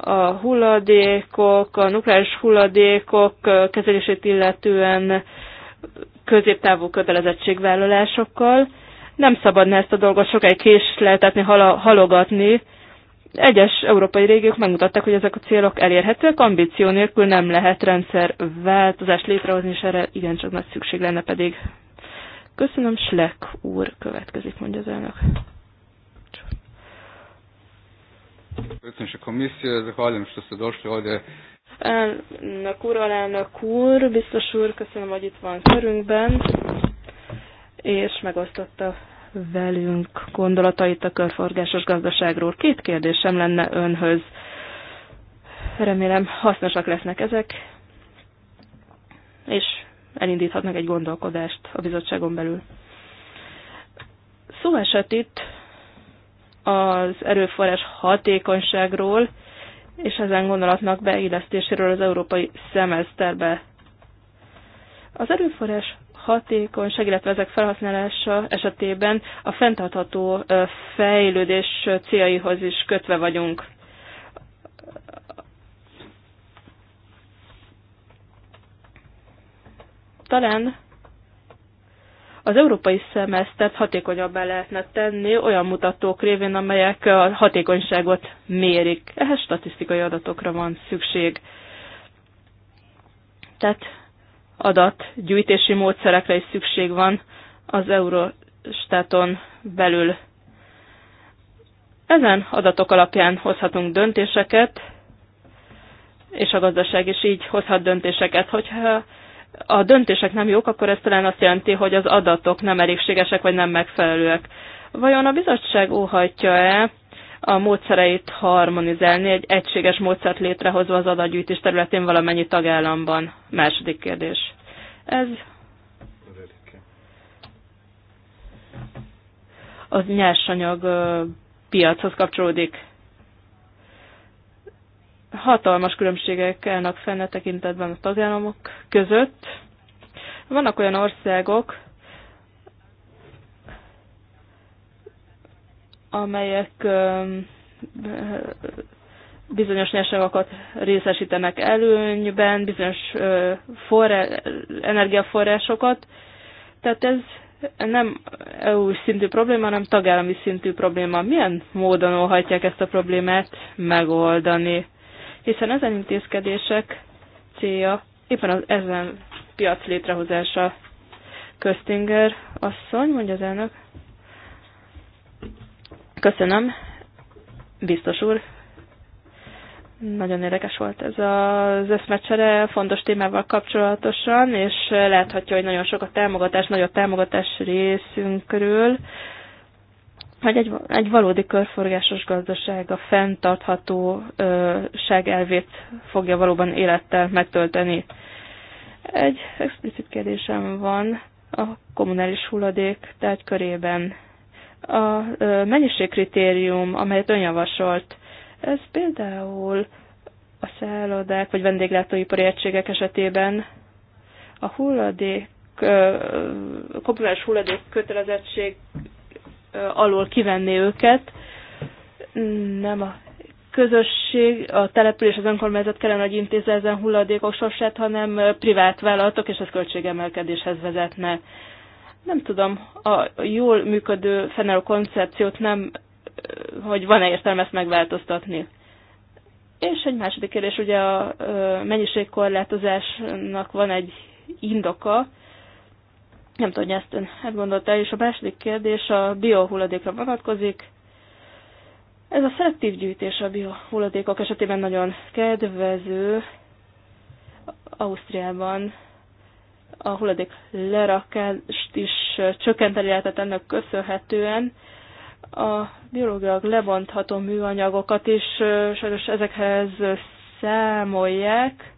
a hulladékok, a nukleáris hulladékok kezelését illetően középtávú kötelezettségvállalásokkal. Nem szabadna ezt a dolgot sokáig késleltetni, halogatni. Egyes európai régiók megmutatták, hogy ezek a célok elérhetőek, ambíció nélkül nem lehet rendszerváltozást létrehozni, és erre igencsak nagy szükség lenne pedig. Köszönöm, Slek úr következik, mondja az elnök. Predsjedniče komisije, zahvaljujem što ste došli ovdje. Elnök úr, alelnök úr, biztos úr, köszönöm, hogy itt van körünkben, és megosztotta velünk gondolatait a körforgásos gazdaságról. Két kérdésem lenne önhöz. Remélem hasznosak lesznek ezek, és elindíthatnak egy gondolkodást a bizottságon belül. Szó esett itt az erőforrás hatékonyságról és ezen gondolatnak beillesztéséről az európai szemeszterbe. Az erőforrás hatékonyság, illetve ezek felhasználása esetében a fenntartható fejlődés céljaihoz is kötve vagyunk. Talán az európai szemesztert hatékonyabbá lehetne tenni olyan mutatók révén, amelyek a hatékonyságot mérik. Ehhez statisztikai adatokra van szükség. Tehát adatgyűjtési módszerekre is szükség van az Eurostaton belül. Ezen adatok alapján hozhatunk döntéseket, és a gazdaság is így hozhat döntéseket, hogyha a döntések nem jók, akkor ez talán azt jelenti, hogy az adatok nem elégségesek, vagy nem megfelelőek. Vajon a bizottság óhajtja-e a módszereit harmonizálni, egy egységes módszert létrehozva az adatgyűjtés területén valamennyi tagállamban? Második kérdés. Ez az nyersanyag piachoz kapcsolódik hatalmas különbségek állnak fenn a tekintetben a tagállamok között. Vannak olyan országok, amelyek bizonyos nyerságokat részesítenek előnyben, bizonyos forrá, energiaforrásokat. Tehát ez nem EU szintű probléma, hanem tagállami szintű probléma. Milyen módon olhatják ezt a problémát megoldani? hiszen ezen intézkedések célja éppen az ezen piac létrehozása. Köztinger asszony, mondja az elnök. Köszönöm, biztos úr. Nagyon érdekes volt ez az eszmecsere fontos témával kapcsolatosan, és láthatja, hogy nagyon sok a támogatás, nagy a támogatás részünkről hogy egy, egy valódi körforgásos gazdaság a fenntarthatóság elvét fogja valóban élettel megtölteni. Egy explicit kérdésem van a kommunális hulladék tehát körében. A mennyiségkritérium, amelyet ön javasolt, ez például a szállodák vagy vendéglátóipari egységek esetében a hulladék, kommunális hulladék kötelezettség alól kivenni őket. Nem a közösség, a település, az önkormányzat kellene, hogy intézze ezen hulladékok sorsát, hanem privát vállalatok, és ez költségemelkedéshez vezetne. Nem tudom, a jól működő fennálló koncepciót nem, hogy van-e értelme ezt megváltoztatni. És egy második kérdés, ugye a mennyiségkorlátozásnak van egy indoka, nem tudom, hogy ezt ön hát gondolta, és a második kérdés a biohulladékra vonatkozik. Ez a szelektív gyűjtés a biohulladékok esetében nagyon kedvező. Ausztriában a hulladék lerakást is csökkenteni lehetett ennek köszönhetően. A biológiai lebontható műanyagokat is sajnos ezekhez számolják.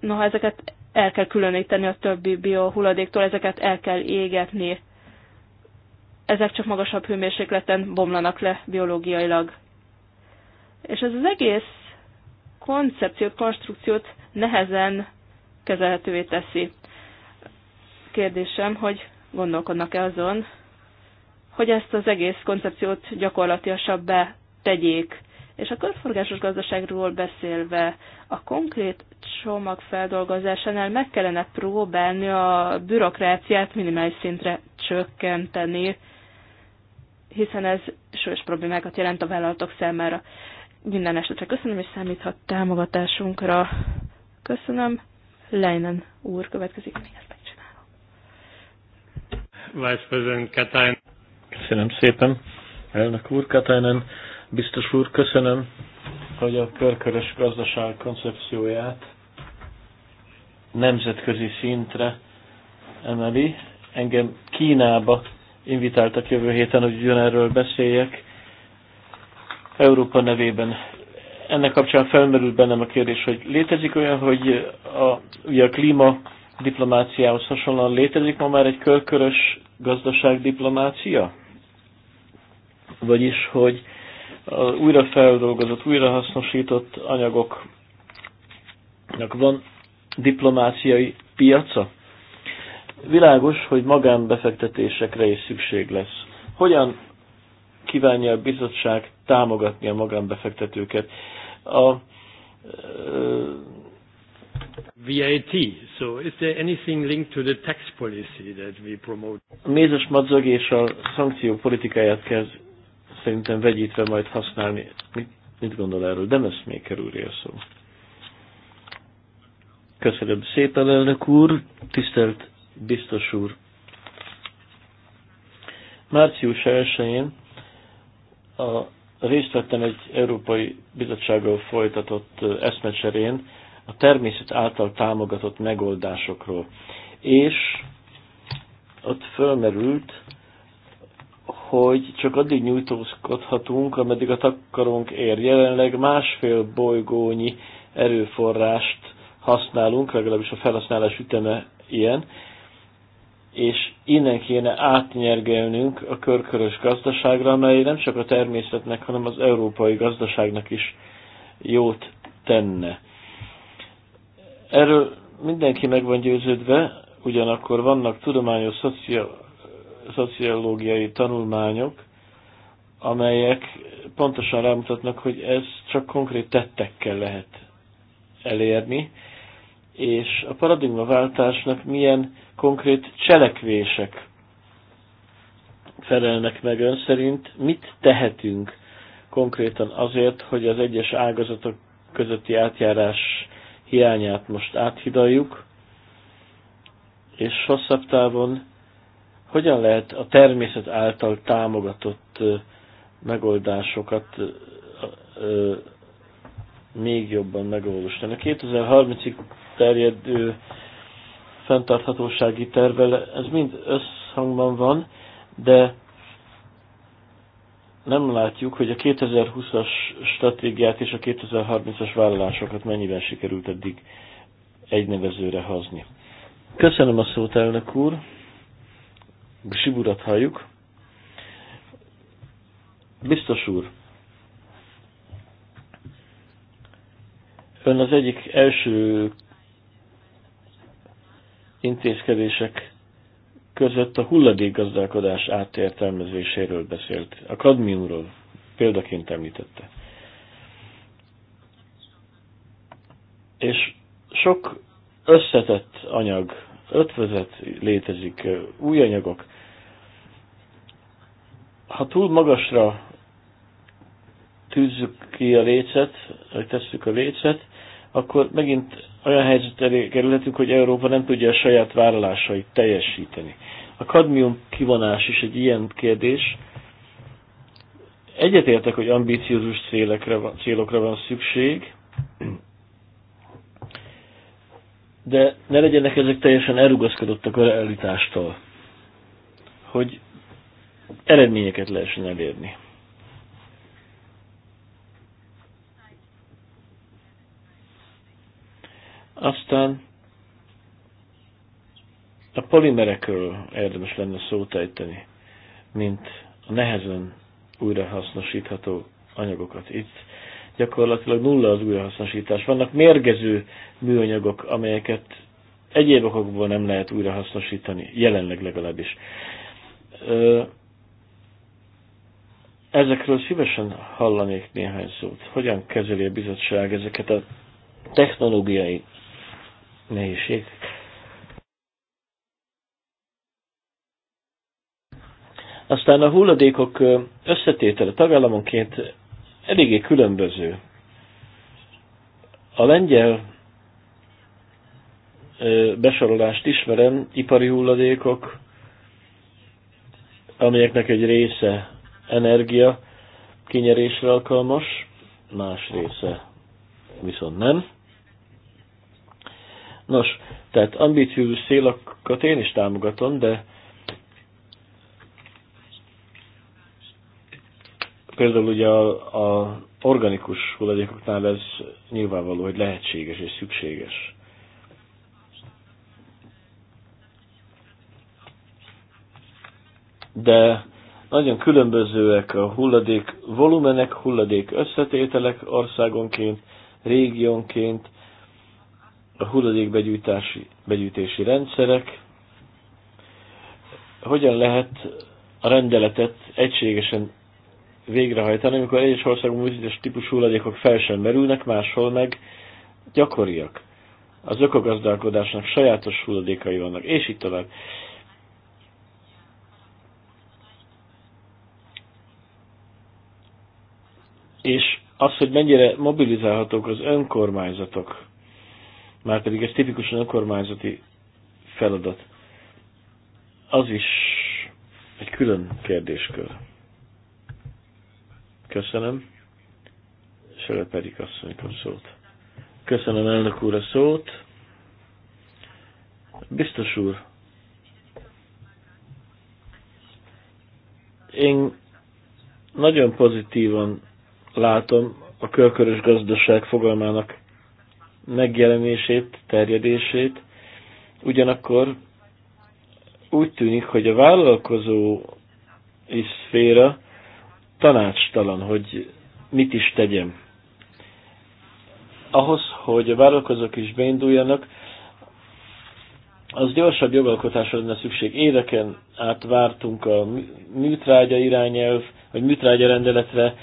Noha ezeket el kell különíteni a többi biohulladéktól, ezeket el kell égetni. Ezek csak magasabb hőmérsékleten bomlanak le biológiailag. És ez az egész koncepciót, konstrukciót nehezen kezelhetővé teszi. Kérdésem, hogy gondolkodnak-e azon, hogy ezt az egész koncepciót gyakorlatilasabbá tegyék. És a körforgásos gazdaságról beszélve a konkrét csomag feldolgozásánál meg kellene próbálni a bürokráciát minimális szintre csökkenteni, hiszen ez súlyos problémákat jelent a vállalatok számára. Minden esetre köszönöm, és számíthat támogatásunkra. Köszönöm. Leinen úr következik, még ezt megcsinálom. Vice President Katainen. Köszönöm szépen. Elnök úr Katainen. Biztos úr, köszönöm, hogy a körkörös gazdaság koncepcióját nemzetközi szintre emeli. Engem Kínába invitáltak jövő héten, hogy jön erről beszéljek. Európa nevében. Ennek kapcsán felmerült bennem a kérdés, hogy létezik olyan, hogy a, ugye a klíma diplomáciához hasonlóan létezik ma már egy körkörös gazdaságdiplomácia? Vagyis, hogy az újrafeldolgozott, újrahasznosított anyagoknak van diplomáciai piaca? Világos, hogy magánbefektetésekre is szükség lesz. Hogyan kívánja a bizottság támogatni a magánbefektetőket? A VAT. So is there anything linked to the tax policy that we promote? A mézes madzag és a szankció politikáját kell szerintem vegyítve majd használni. Mit, mit gondol erről? De ezt még kerülje a szó. Köszönöm szépen, elnök úr, tisztelt biztos úr. Március 1-én a, részt vettem egy Európai Bizottsággal folytatott eszmecserén a természet által támogatott megoldásokról. És ott fölmerült, hogy csak addig nyújtózkodhatunk, ameddig a takarónk ér. Jelenleg másfél bolygónyi erőforrást használunk, legalábbis a felhasználás üteme ilyen, és innen kéne átnyergelnünk a körkörös gazdaságra, amely nem csak a természetnek, hanem az európai gazdaságnak is jót tenne. Erről mindenki meg van győződve, ugyanakkor vannak tudományos, szocia, szociológiai tanulmányok, amelyek pontosan rámutatnak, hogy ez csak konkrét tettekkel lehet elérni, és a paradigmaváltásnak milyen konkrét cselekvések felelnek meg ön szerint, mit tehetünk konkrétan azért, hogy az egyes ágazatok közötti átjárás hiányát most áthidaljuk, és hosszabb távon hogyan lehet a természet által támogatott megoldásokat még jobban megoldani? A 2030-ig terjedő fenntarthatósági tervvel ez mind összhangban van, de nem látjuk, hogy a 2020-as stratégiát és a 2030-as vállalásokat mennyiben sikerült eddig egynevezőre hazni. Köszönöm a szót, elnök úr! Siburat halljuk. Biztos úr, ön az egyik első intézkedések között a hulladékgazdálkodás átértelmezéséről beszélt. A kadmiumról példaként említette. És sok összetett anyag ötvözet létezik, új anyagok. Ha túl magasra tűzzük ki a lécet, vagy tesszük a lécet, akkor megint olyan helyzet elé kerülhetünk, hogy Európa nem tudja a saját vállalásait teljesíteni. A kadmium kivonás is egy ilyen kérdés. Egyetértek, hogy ambíciózus célekre, célokra van szükség, de ne legyenek ezek teljesen elrugaszkodottak a realitástól, hogy eredményeket lehessen elérni. Aztán a polimerekről érdemes lenne szót ejteni, mint a nehezen újrahasznosítható anyagokat. Itt gyakorlatilag nulla az újrahasznosítás. Vannak mérgező műanyagok, amelyeket egyéb okokból nem lehet újrahasznosítani, jelenleg legalábbis. Ezekről szívesen hallanék néhány szót. Hogyan kezeli a bizottság ezeket a technológiai nehézség? Aztán a hulladékok összetétele tagállamonként eléggé különböző. A lengyel besorolást ismerem, ipari hulladékok, amelyeknek egy része energia kinyerésre alkalmas, más része viszont nem. Nos, tehát ambíciós célokat én is támogatom, de például ugye a, a organikus hulladékoknál ez nyilvánvaló, hogy lehetséges és szükséges. De nagyon különbözőek a hulladék volumenek, hulladék összetételek országonként, régiónként, a hulladék begyűjtási, begyűjtési rendszerek. Hogyan lehet a rendeletet egységesen végrehajtani, amikor egyes országban bizonyos típusú hulladékok fel sem merülnek, máshol meg gyakoriak. Az ökogazdálkodásnak sajátos hulladékai vannak, és így tovább. És az, hogy mennyire mobilizálhatók az önkormányzatok, már pedig ez tipikusan önkormányzati feladat, az is egy külön kérdéskör. Köszönöm. Sőle pedig asszony a szót. Köszönöm elnök úr a szót. Biztos úr, én nagyon pozitívan látom a körkörös gazdaság fogalmának megjelenését, terjedését, ugyanakkor úgy tűnik, hogy a vállalkozó szféra tanácstalan, hogy mit is tegyem. Ahhoz, hogy a vállalkozók is beinduljanak, az gyorsabb jogalkotásra lenne szükség. Éveken át vártunk a műtrágya irányelv, vagy műtrágya rendeletre,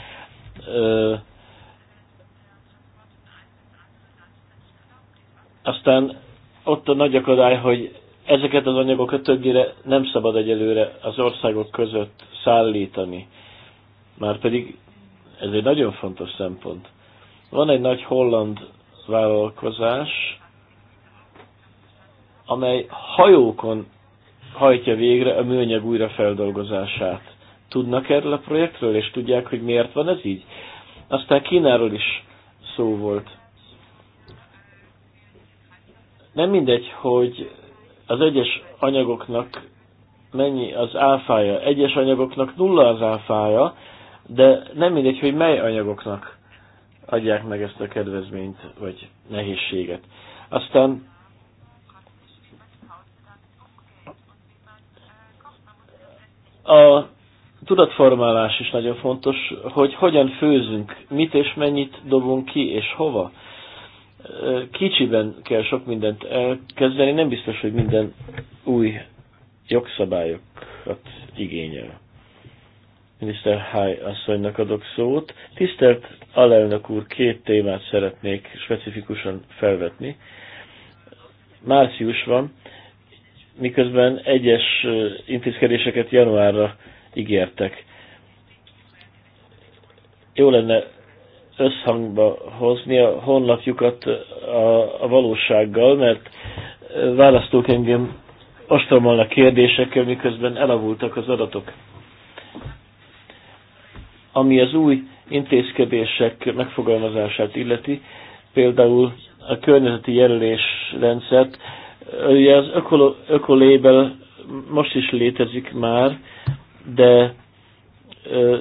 aztán ott a nagy akadály, hogy ezeket az anyagokat többnyire nem szabad egyelőre az országok között szállítani. Már pedig ez egy nagyon fontos szempont. Van egy nagy holland vállalkozás, amely hajókon hajtja végre a műanyag újrafeldolgozását. Tudnak erről a projektről, és tudják, hogy miért van ez így? Aztán Kínáról is szó volt. Nem mindegy, hogy az egyes anyagoknak mennyi az áfája. Egyes anyagoknak nulla az áfája, de nem mindegy, hogy mely anyagoknak adják meg ezt a kedvezményt, vagy nehézséget. Aztán a tudatformálás is nagyon fontos, hogy hogyan főzünk, mit és mennyit dobunk ki, és hova. Kicsiben kell sok mindent elkezdeni, nem biztos, hogy minden új jogszabályokat igényel miniszter Háj asszonynak adok szót. Tisztelt alelnök úr, két témát szeretnék specifikusan felvetni. Március van, miközben egyes intézkedéseket januárra ígértek. Jó lenne összhangba hozni a honlapjukat a, a valósággal, mert választók engem ostromolnak kérdésekkel, miközben elavultak az adatok. Ami az új intézkedések megfogalmazását illeti, például a környezeti jelölés rendszert, ugye az ökolabel most is létezik már, de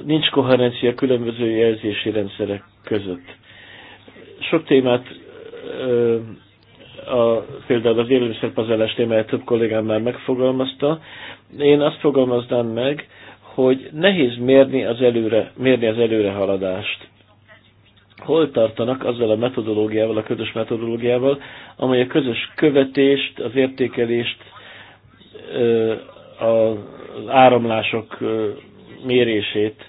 nincs koherencia különböző jelzési rendszerek között. Sok témát a, például az élelmiszerpazarlás témáját több kollégám már megfogalmazta. Én azt fogalmaznám meg, hogy nehéz mérni az előre, mérni az előre haladást. Hol tartanak azzal a metodológiával, a közös metodológiával, amely a közös követést, az értékelést, az áramlások mérését,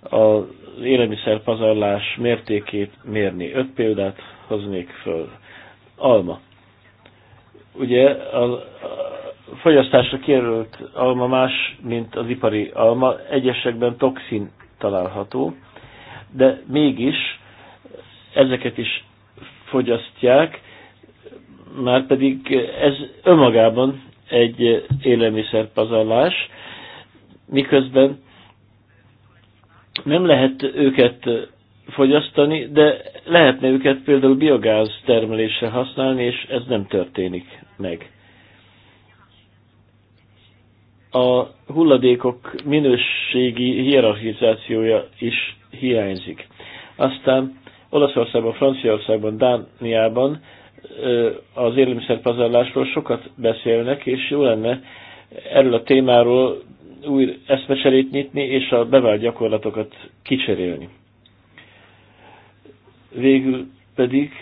az élelmiszerpazarlás mértékét mérni. Öt példát hoznék föl. Alma. Ugye a, fogyasztásra kérült alma más, mint az ipari alma, egyesekben toxin található, de mégis ezeket is fogyasztják, már pedig ez önmagában egy élelmiszerpazarlás, miközben nem lehet őket fogyasztani, de lehetne őket például biogáz termelésre használni, és ez nem történik meg a hulladékok minőségi hierarchizációja is hiányzik. Aztán Olaszországban, Franciaországban, Dániában az élelmiszerpazarlásról sokat beszélnek, és jó lenne erről a témáról új eszmecserét nyitni, és a bevált gyakorlatokat kicserélni. Végül pedig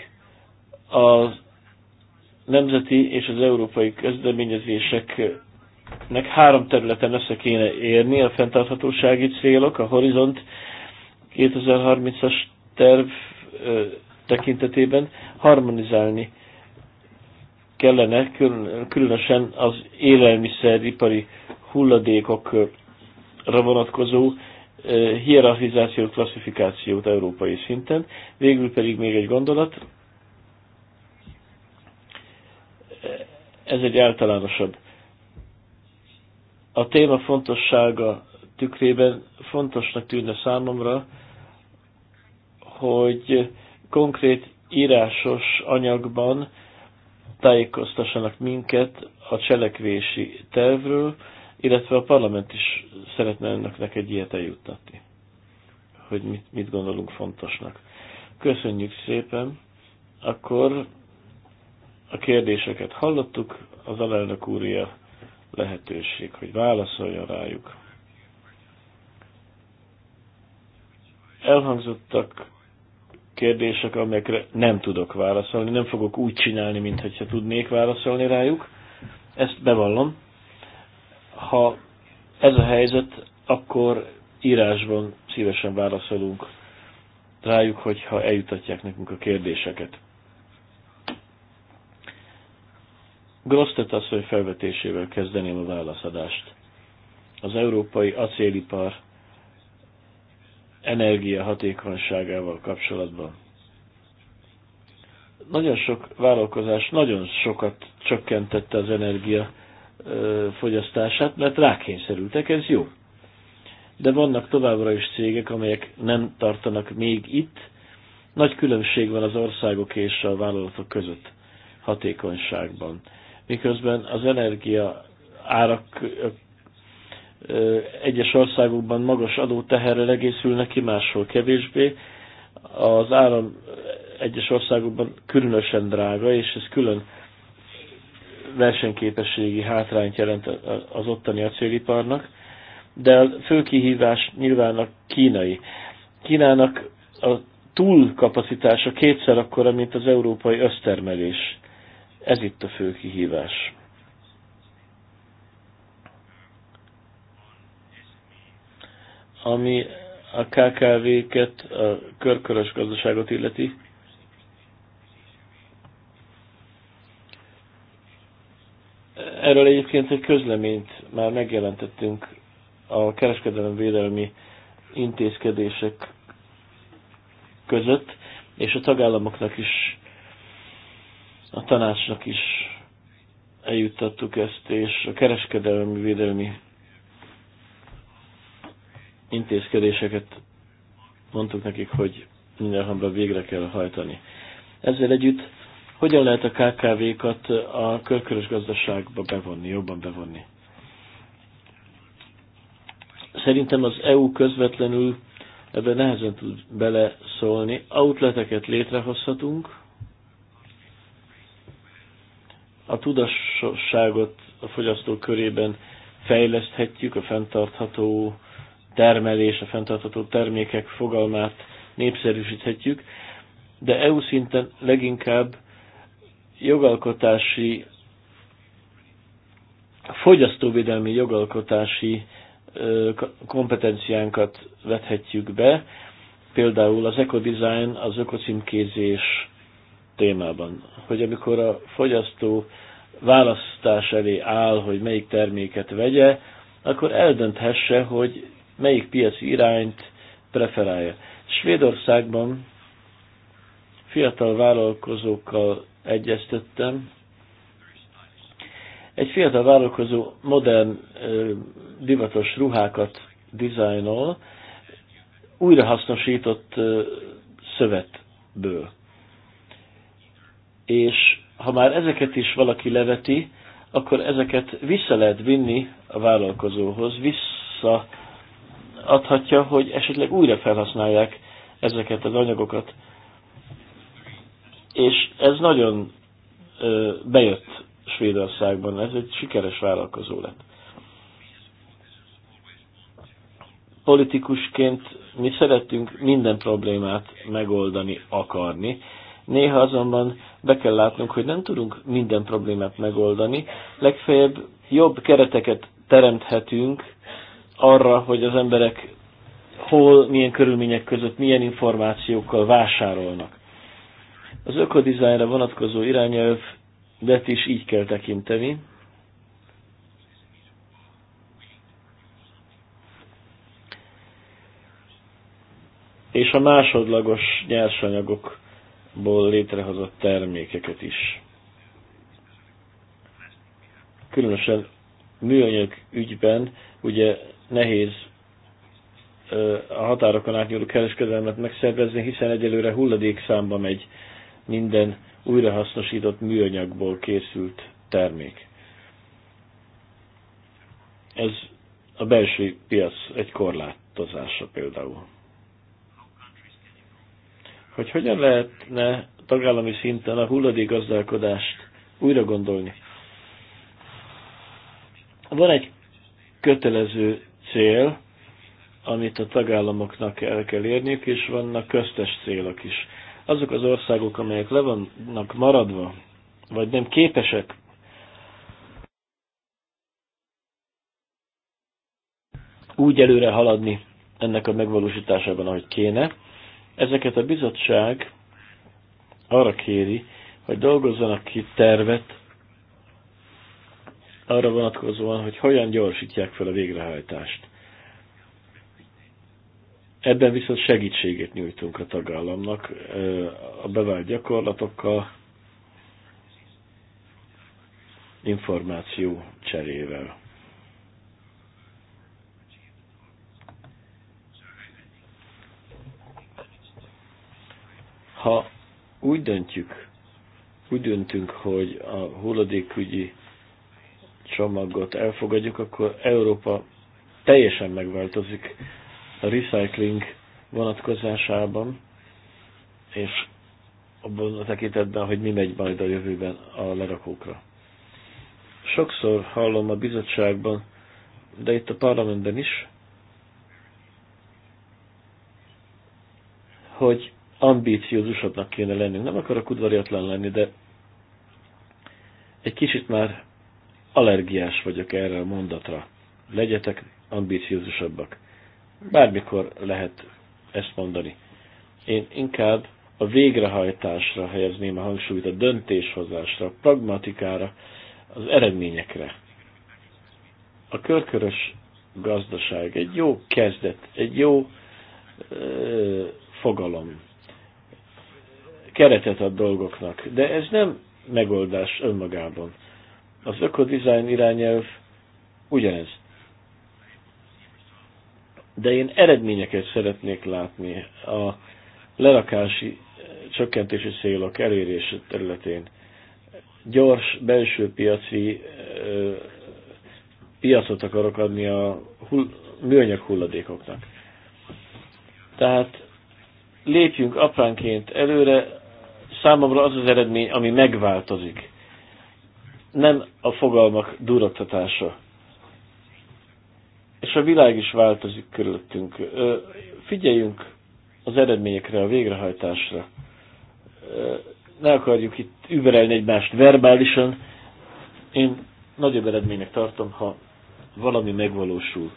a nemzeti és az európai közdeményezések nek három területen össze kéne érni a fenntarthatósági célok, a Horizont 2030-as terv ö, tekintetében harmonizálni kellene, különösen az élelmiszeripari hulladékokra vonatkozó hierarchizációt, klasszifikációt európai szinten. Végül pedig még egy gondolat, ez egy általánosabb a téma fontossága tükrében fontosnak tűnne számomra, hogy konkrét írásos anyagban tájékoztassanak minket a cselekvési tervről, illetve a parlament is szeretne önöknek egy ilyet eljuttatni, hogy mit, mit gondolunk fontosnak. Köszönjük szépen! Akkor a kérdéseket hallottuk, az alelnök úrja lehetőség, hogy válaszoljon rájuk. Elhangzottak kérdések, amelyekre nem tudok válaszolni, nem fogok úgy csinálni, mintha tudnék válaszolni rájuk. Ezt bevallom. Ha ez a helyzet, akkor írásban szívesen válaszolunk rájuk, hogyha eljutatják nekünk a kérdéseket. Grosztet asszony felvetésével kezdeném a válaszadást. Az európai acélipar hatékonyságával kapcsolatban. Nagyon sok vállalkozás nagyon sokat csökkentette az energia fogyasztását, mert rákényszerültek, ez jó. De vannak továbbra is cégek, amelyek nem tartanak még itt. Nagy különbség van az országok és a vállalatok között hatékonyságban miközben az energia árak egyes országokban magas adóteherrel egészülnek ki, máshol kevésbé. Az áram egyes országokban különösen drága, és ez külön versenyképességi hátrányt jelent az ottani acéliparnak, de a fő kihívás nyilván a kínai. Kínának a túlkapacitása kétszer akkora, mint az európai össztermelés. Ez itt a fő kihívás. Ami a KKV-ket, a körkörös gazdaságot illeti, erről egyébként egy közleményt már megjelentettünk a kereskedelem védelmi intézkedések között, és a tagállamoknak is a tanácsnak is eljuttattuk ezt, és a kereskedelmi védelmi intézkedéseket mondtuk nekik, hogy mindenhamban végre kell hajtani. Ezzel együtt hogyan lehet a KKV-kat a körkörös gazdaságba bevonni, jobban bevonni? Szerintem az EU közvetlenül ebben nehezen tud beleszólni. Outleteket létrehozhatunk, a tudasságot a fogyasztó körében fejleszthetjük, a fenntartható termelés, a fenntartható termékek fogalmát népszerűsíthetjük, de EU szinten leginkább jogalkotási, fogyasztóvédelmi jogalkotási kompetenciánkat vethetjük be, például az ecodesign, az ökocímkézés, témában, hogy amikor a fogyasztó választás elé áll, hogy melyik terméket vegye, akkor eldönthesse, hogy melyik piaci irányt preferálja. Svédországban fiatal vállalkozókkal egyeztettem. Egy fiatal vállalkozó modern, divatos ruhákat dizájnol, újrahasznosított szövetből és ha már ezeket is valaki leveti, akkor ezeket vissza lehet vinni a vállalkozóhoz, vissza adhatja, hogy esetleg újra felhasználják ezeket az anyagokat. És ez nagyon ö, bejött Svédországban, ez egy sikeres vállalkozó lett. Politikusként mi szeretünk minden problémát megoldani, akarni, Néha azonban be kell látnunk, hogy nem tudunk minden problémát megoldani. Legfeljebb jobb kereteket teremthetünk arra, hogy az emberek hol, milyen körülmények között, milyen információkkal vásárolnak. Az ökodizájnra vonatkozó de is így kell tekinteni. És a másodlagos nyersanyagok ból létrehozott termékeket is. Különösen műanyag ügyben ugye nehéz a határokon átnyúló kereskedelmet megszervezni, hiszen egyelőre számba megy minden újrahasznosított műanyagból készült termék. Ez a belső piac egy korlátozása például hogy hogyan lehetne tagállami szinten a hulladékgazdálkodást újra gondolni. Van egy kötelező cél, amit a tagállamoknak el kell érniük, és vannak köztes célok is. Azok az országok, amelyek le vannak maradva, vagy nem képesek úgy előre haladni ennek a megvalósításában, ahogy kéne, Ezeket a bizottság arra kéri, hogy dolgozzanak ki tervet arra vonatkozóan, hogy hogyan gyorsítják fel a végrehajtást. Ebben viszont segítséget nyújtunk a tagállamnak a bevált gyakorlatokkal, információ cserével. Ha úgy döntjük, úgy döntünk, hogy a hulladékügyi csomagot elfogadjuk, akkor Európa teljesen megváltozik a recycling vonatkozásában, és abban a tekintetben, hogy mi megy majd a jövőben a lerakókra. Sokszor hallom a bizottságban, de itt a parlamentben is, hogy ambíciózusabbnak kéne lennünk. Nem akarok udvariatlan lenni, de egy kicsit már allergiás vagyok erre a mondatra. Legyetek ambíciózusabbak. Bármikor lehet ezt mondani. Én inkább a végrehajtásra helyezném a hangsúlyt, a döntéshozásra, a pragmatikára, az eredményekre. A körkörös gazdaság egy jó kezdet, egy jó ö, fogalom keretet ad dolgoknak. De ez nem megoldás önmagában. Az ökodizájn irányelv ugyanez. De én eredményeket szeretnék látni a lerakási csökkentési célok elérése területén. Gyors belső piaci ö, piacot akarok adni a hull, műanyag hulladékoknak. Tehát lépjünk apránként előre, számomra az az eredmény, ami megváltozik. Nem a fogalmak duraktatása. És a világ is változik körülöttünk. Figyeljünk az eredményekre, a végrehajtásra. Ne akarjuk itt überelni egymást verbálisan. Én nagyobb eredménynek tartom, ha valami megvalósul.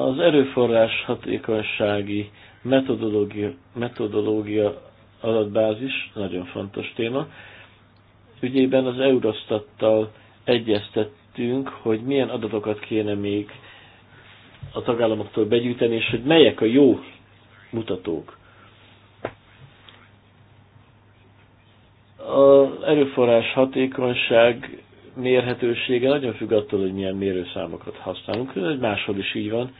Az erőforrás hatékonysági metodológia, metodológia adatbázis nagyon fontos téma. Ügyében az Eurostattal egyeztettünk, hogy milyen adatokat kéne még a tagállamoktól begyűjteni, és hogy melyek a jó mutatók. Az erőforrás hatékonyság mérhetősége nagyon függ attól, hogy milyen mérőszámokat használunk. Ez máshol is így van.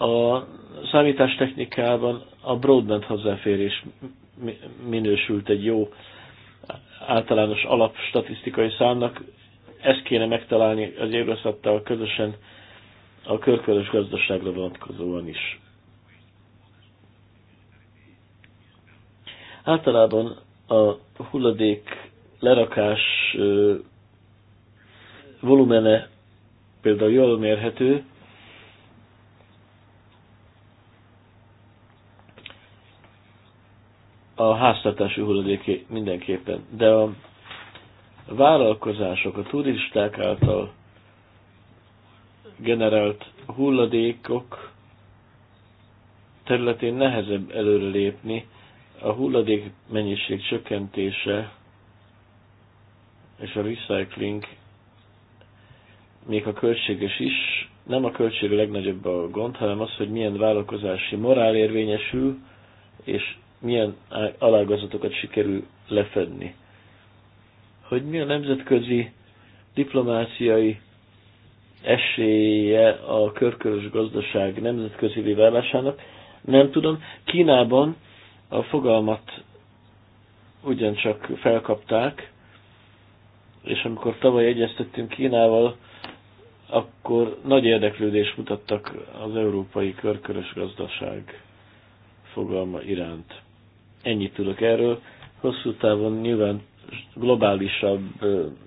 a számítástechnikában a broadband hozzáférés minősült egy jó általános alapstatisztikai számnak. Ezt kéne megtalálni az Eurosattal közösen a körkörös gazdaságra vonatkozóan is. Általában a hulladék lerakás volumene például jól mérhető, a háztartási hulladék mindenképpen, de a vállalkozások, a turisták által generált hulladékok területén nehezebb előrelépni, a hulladék mennyiség csökkentése és a recycling még a költséges is, nem a költség a legnagyobb a gond, hanem az, hogy milyen vállalkozási morál érvényesül, és milyen alágazatokat sikerül lefedni. Hogy mi a nemzetközi diplomáciai esélye a körkörös gazdaság nemzetközi válásának, nem tudom. Kínában a fogalmat ugyancsak felkapták, és amikor tavaly egyeztettünk Kínával, akkor nagy érdeklődést mutattak az európai körkörös gazdaság fogalma iránt. Ennyit tudok erről. Hosszú távon nyilván globálisabb,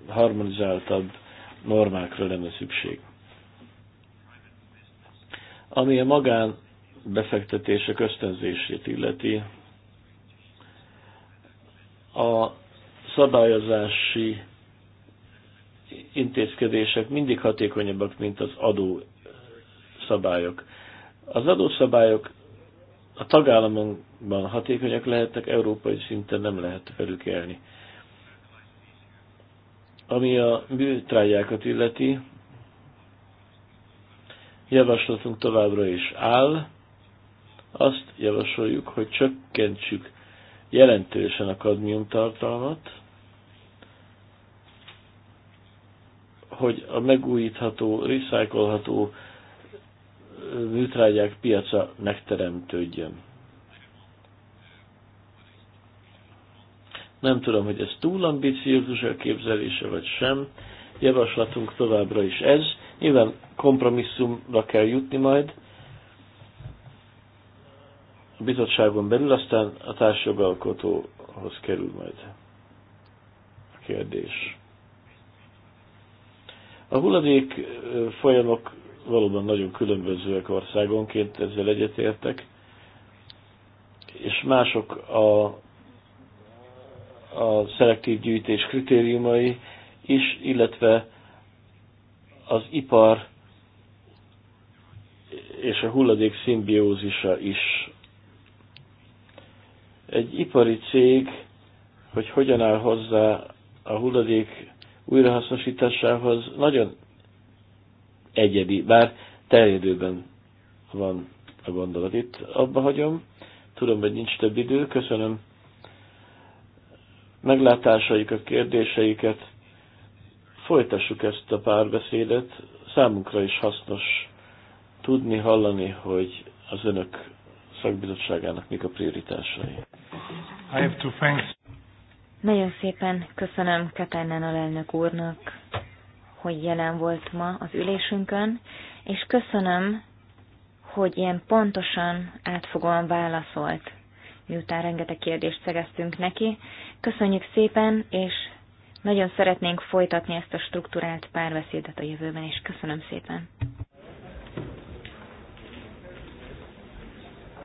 harmonizáltabb normákra lenne szükség. Ami a magán befektetések ösztönzését illeti, a szabályozási intézkedések mindig hatékonyabbak, mint az adó szabályok. Az adószabályok a tagállamon Európában hatékonyak lehetnek, európai szinten nem lehet velük élni. Ami a műtrágyákat illeti, javaslatunk továbbra is áll. Azt javasoljuk, hogy csökkentsük jelentősen a kadmium tartalmat, hogy a megújítható, recyclható műtrágyák piaca megteremtődjön. Nem tudom, hogy ez túl ambiciózus elképzelése vagy sem. Javaslatunk továbbra is ez. Nyilván kompromisszumra kell jutni majd a bizottságon belül, aztán a társjogalkotóhoz kerül majd a kérdés. A hulladék folyamok valóban nagyon különbözőek országonként, ezzel egyetértek, és mások a a szelektív gyűjtés kritériumai is, illetve az ipar és a hulladék szimbiózisa is. Egy ipari cég, hogy hogyan áll hozzá a hulladék újrahasznosításához, nagyon egyedi, bár terjedőben van a gondolat. Itt abba hagyom, tudom, hogy nincs több idő, köszönöm meglátásaikat, kérdéseiket. Folytassuk ezt a párbeszédet. Számunkra is hasznos tudni, hallani, hogy az önök szakbizottságának mik a prioritásai. I have to Nagyon szépen köszönöm Katánnán alelnök úrnak, hogy jelen volt ma az ülésünkön, és köszönöm, hogy ilyen pontosan átfogóan válaszolt miután rengeteg kérdést szegeztünk neki. Köszönjük szépen, és nagyon szeretnénk folytatni ezt a strukturált párbeszédet a jövőben, és köszönöm szépen.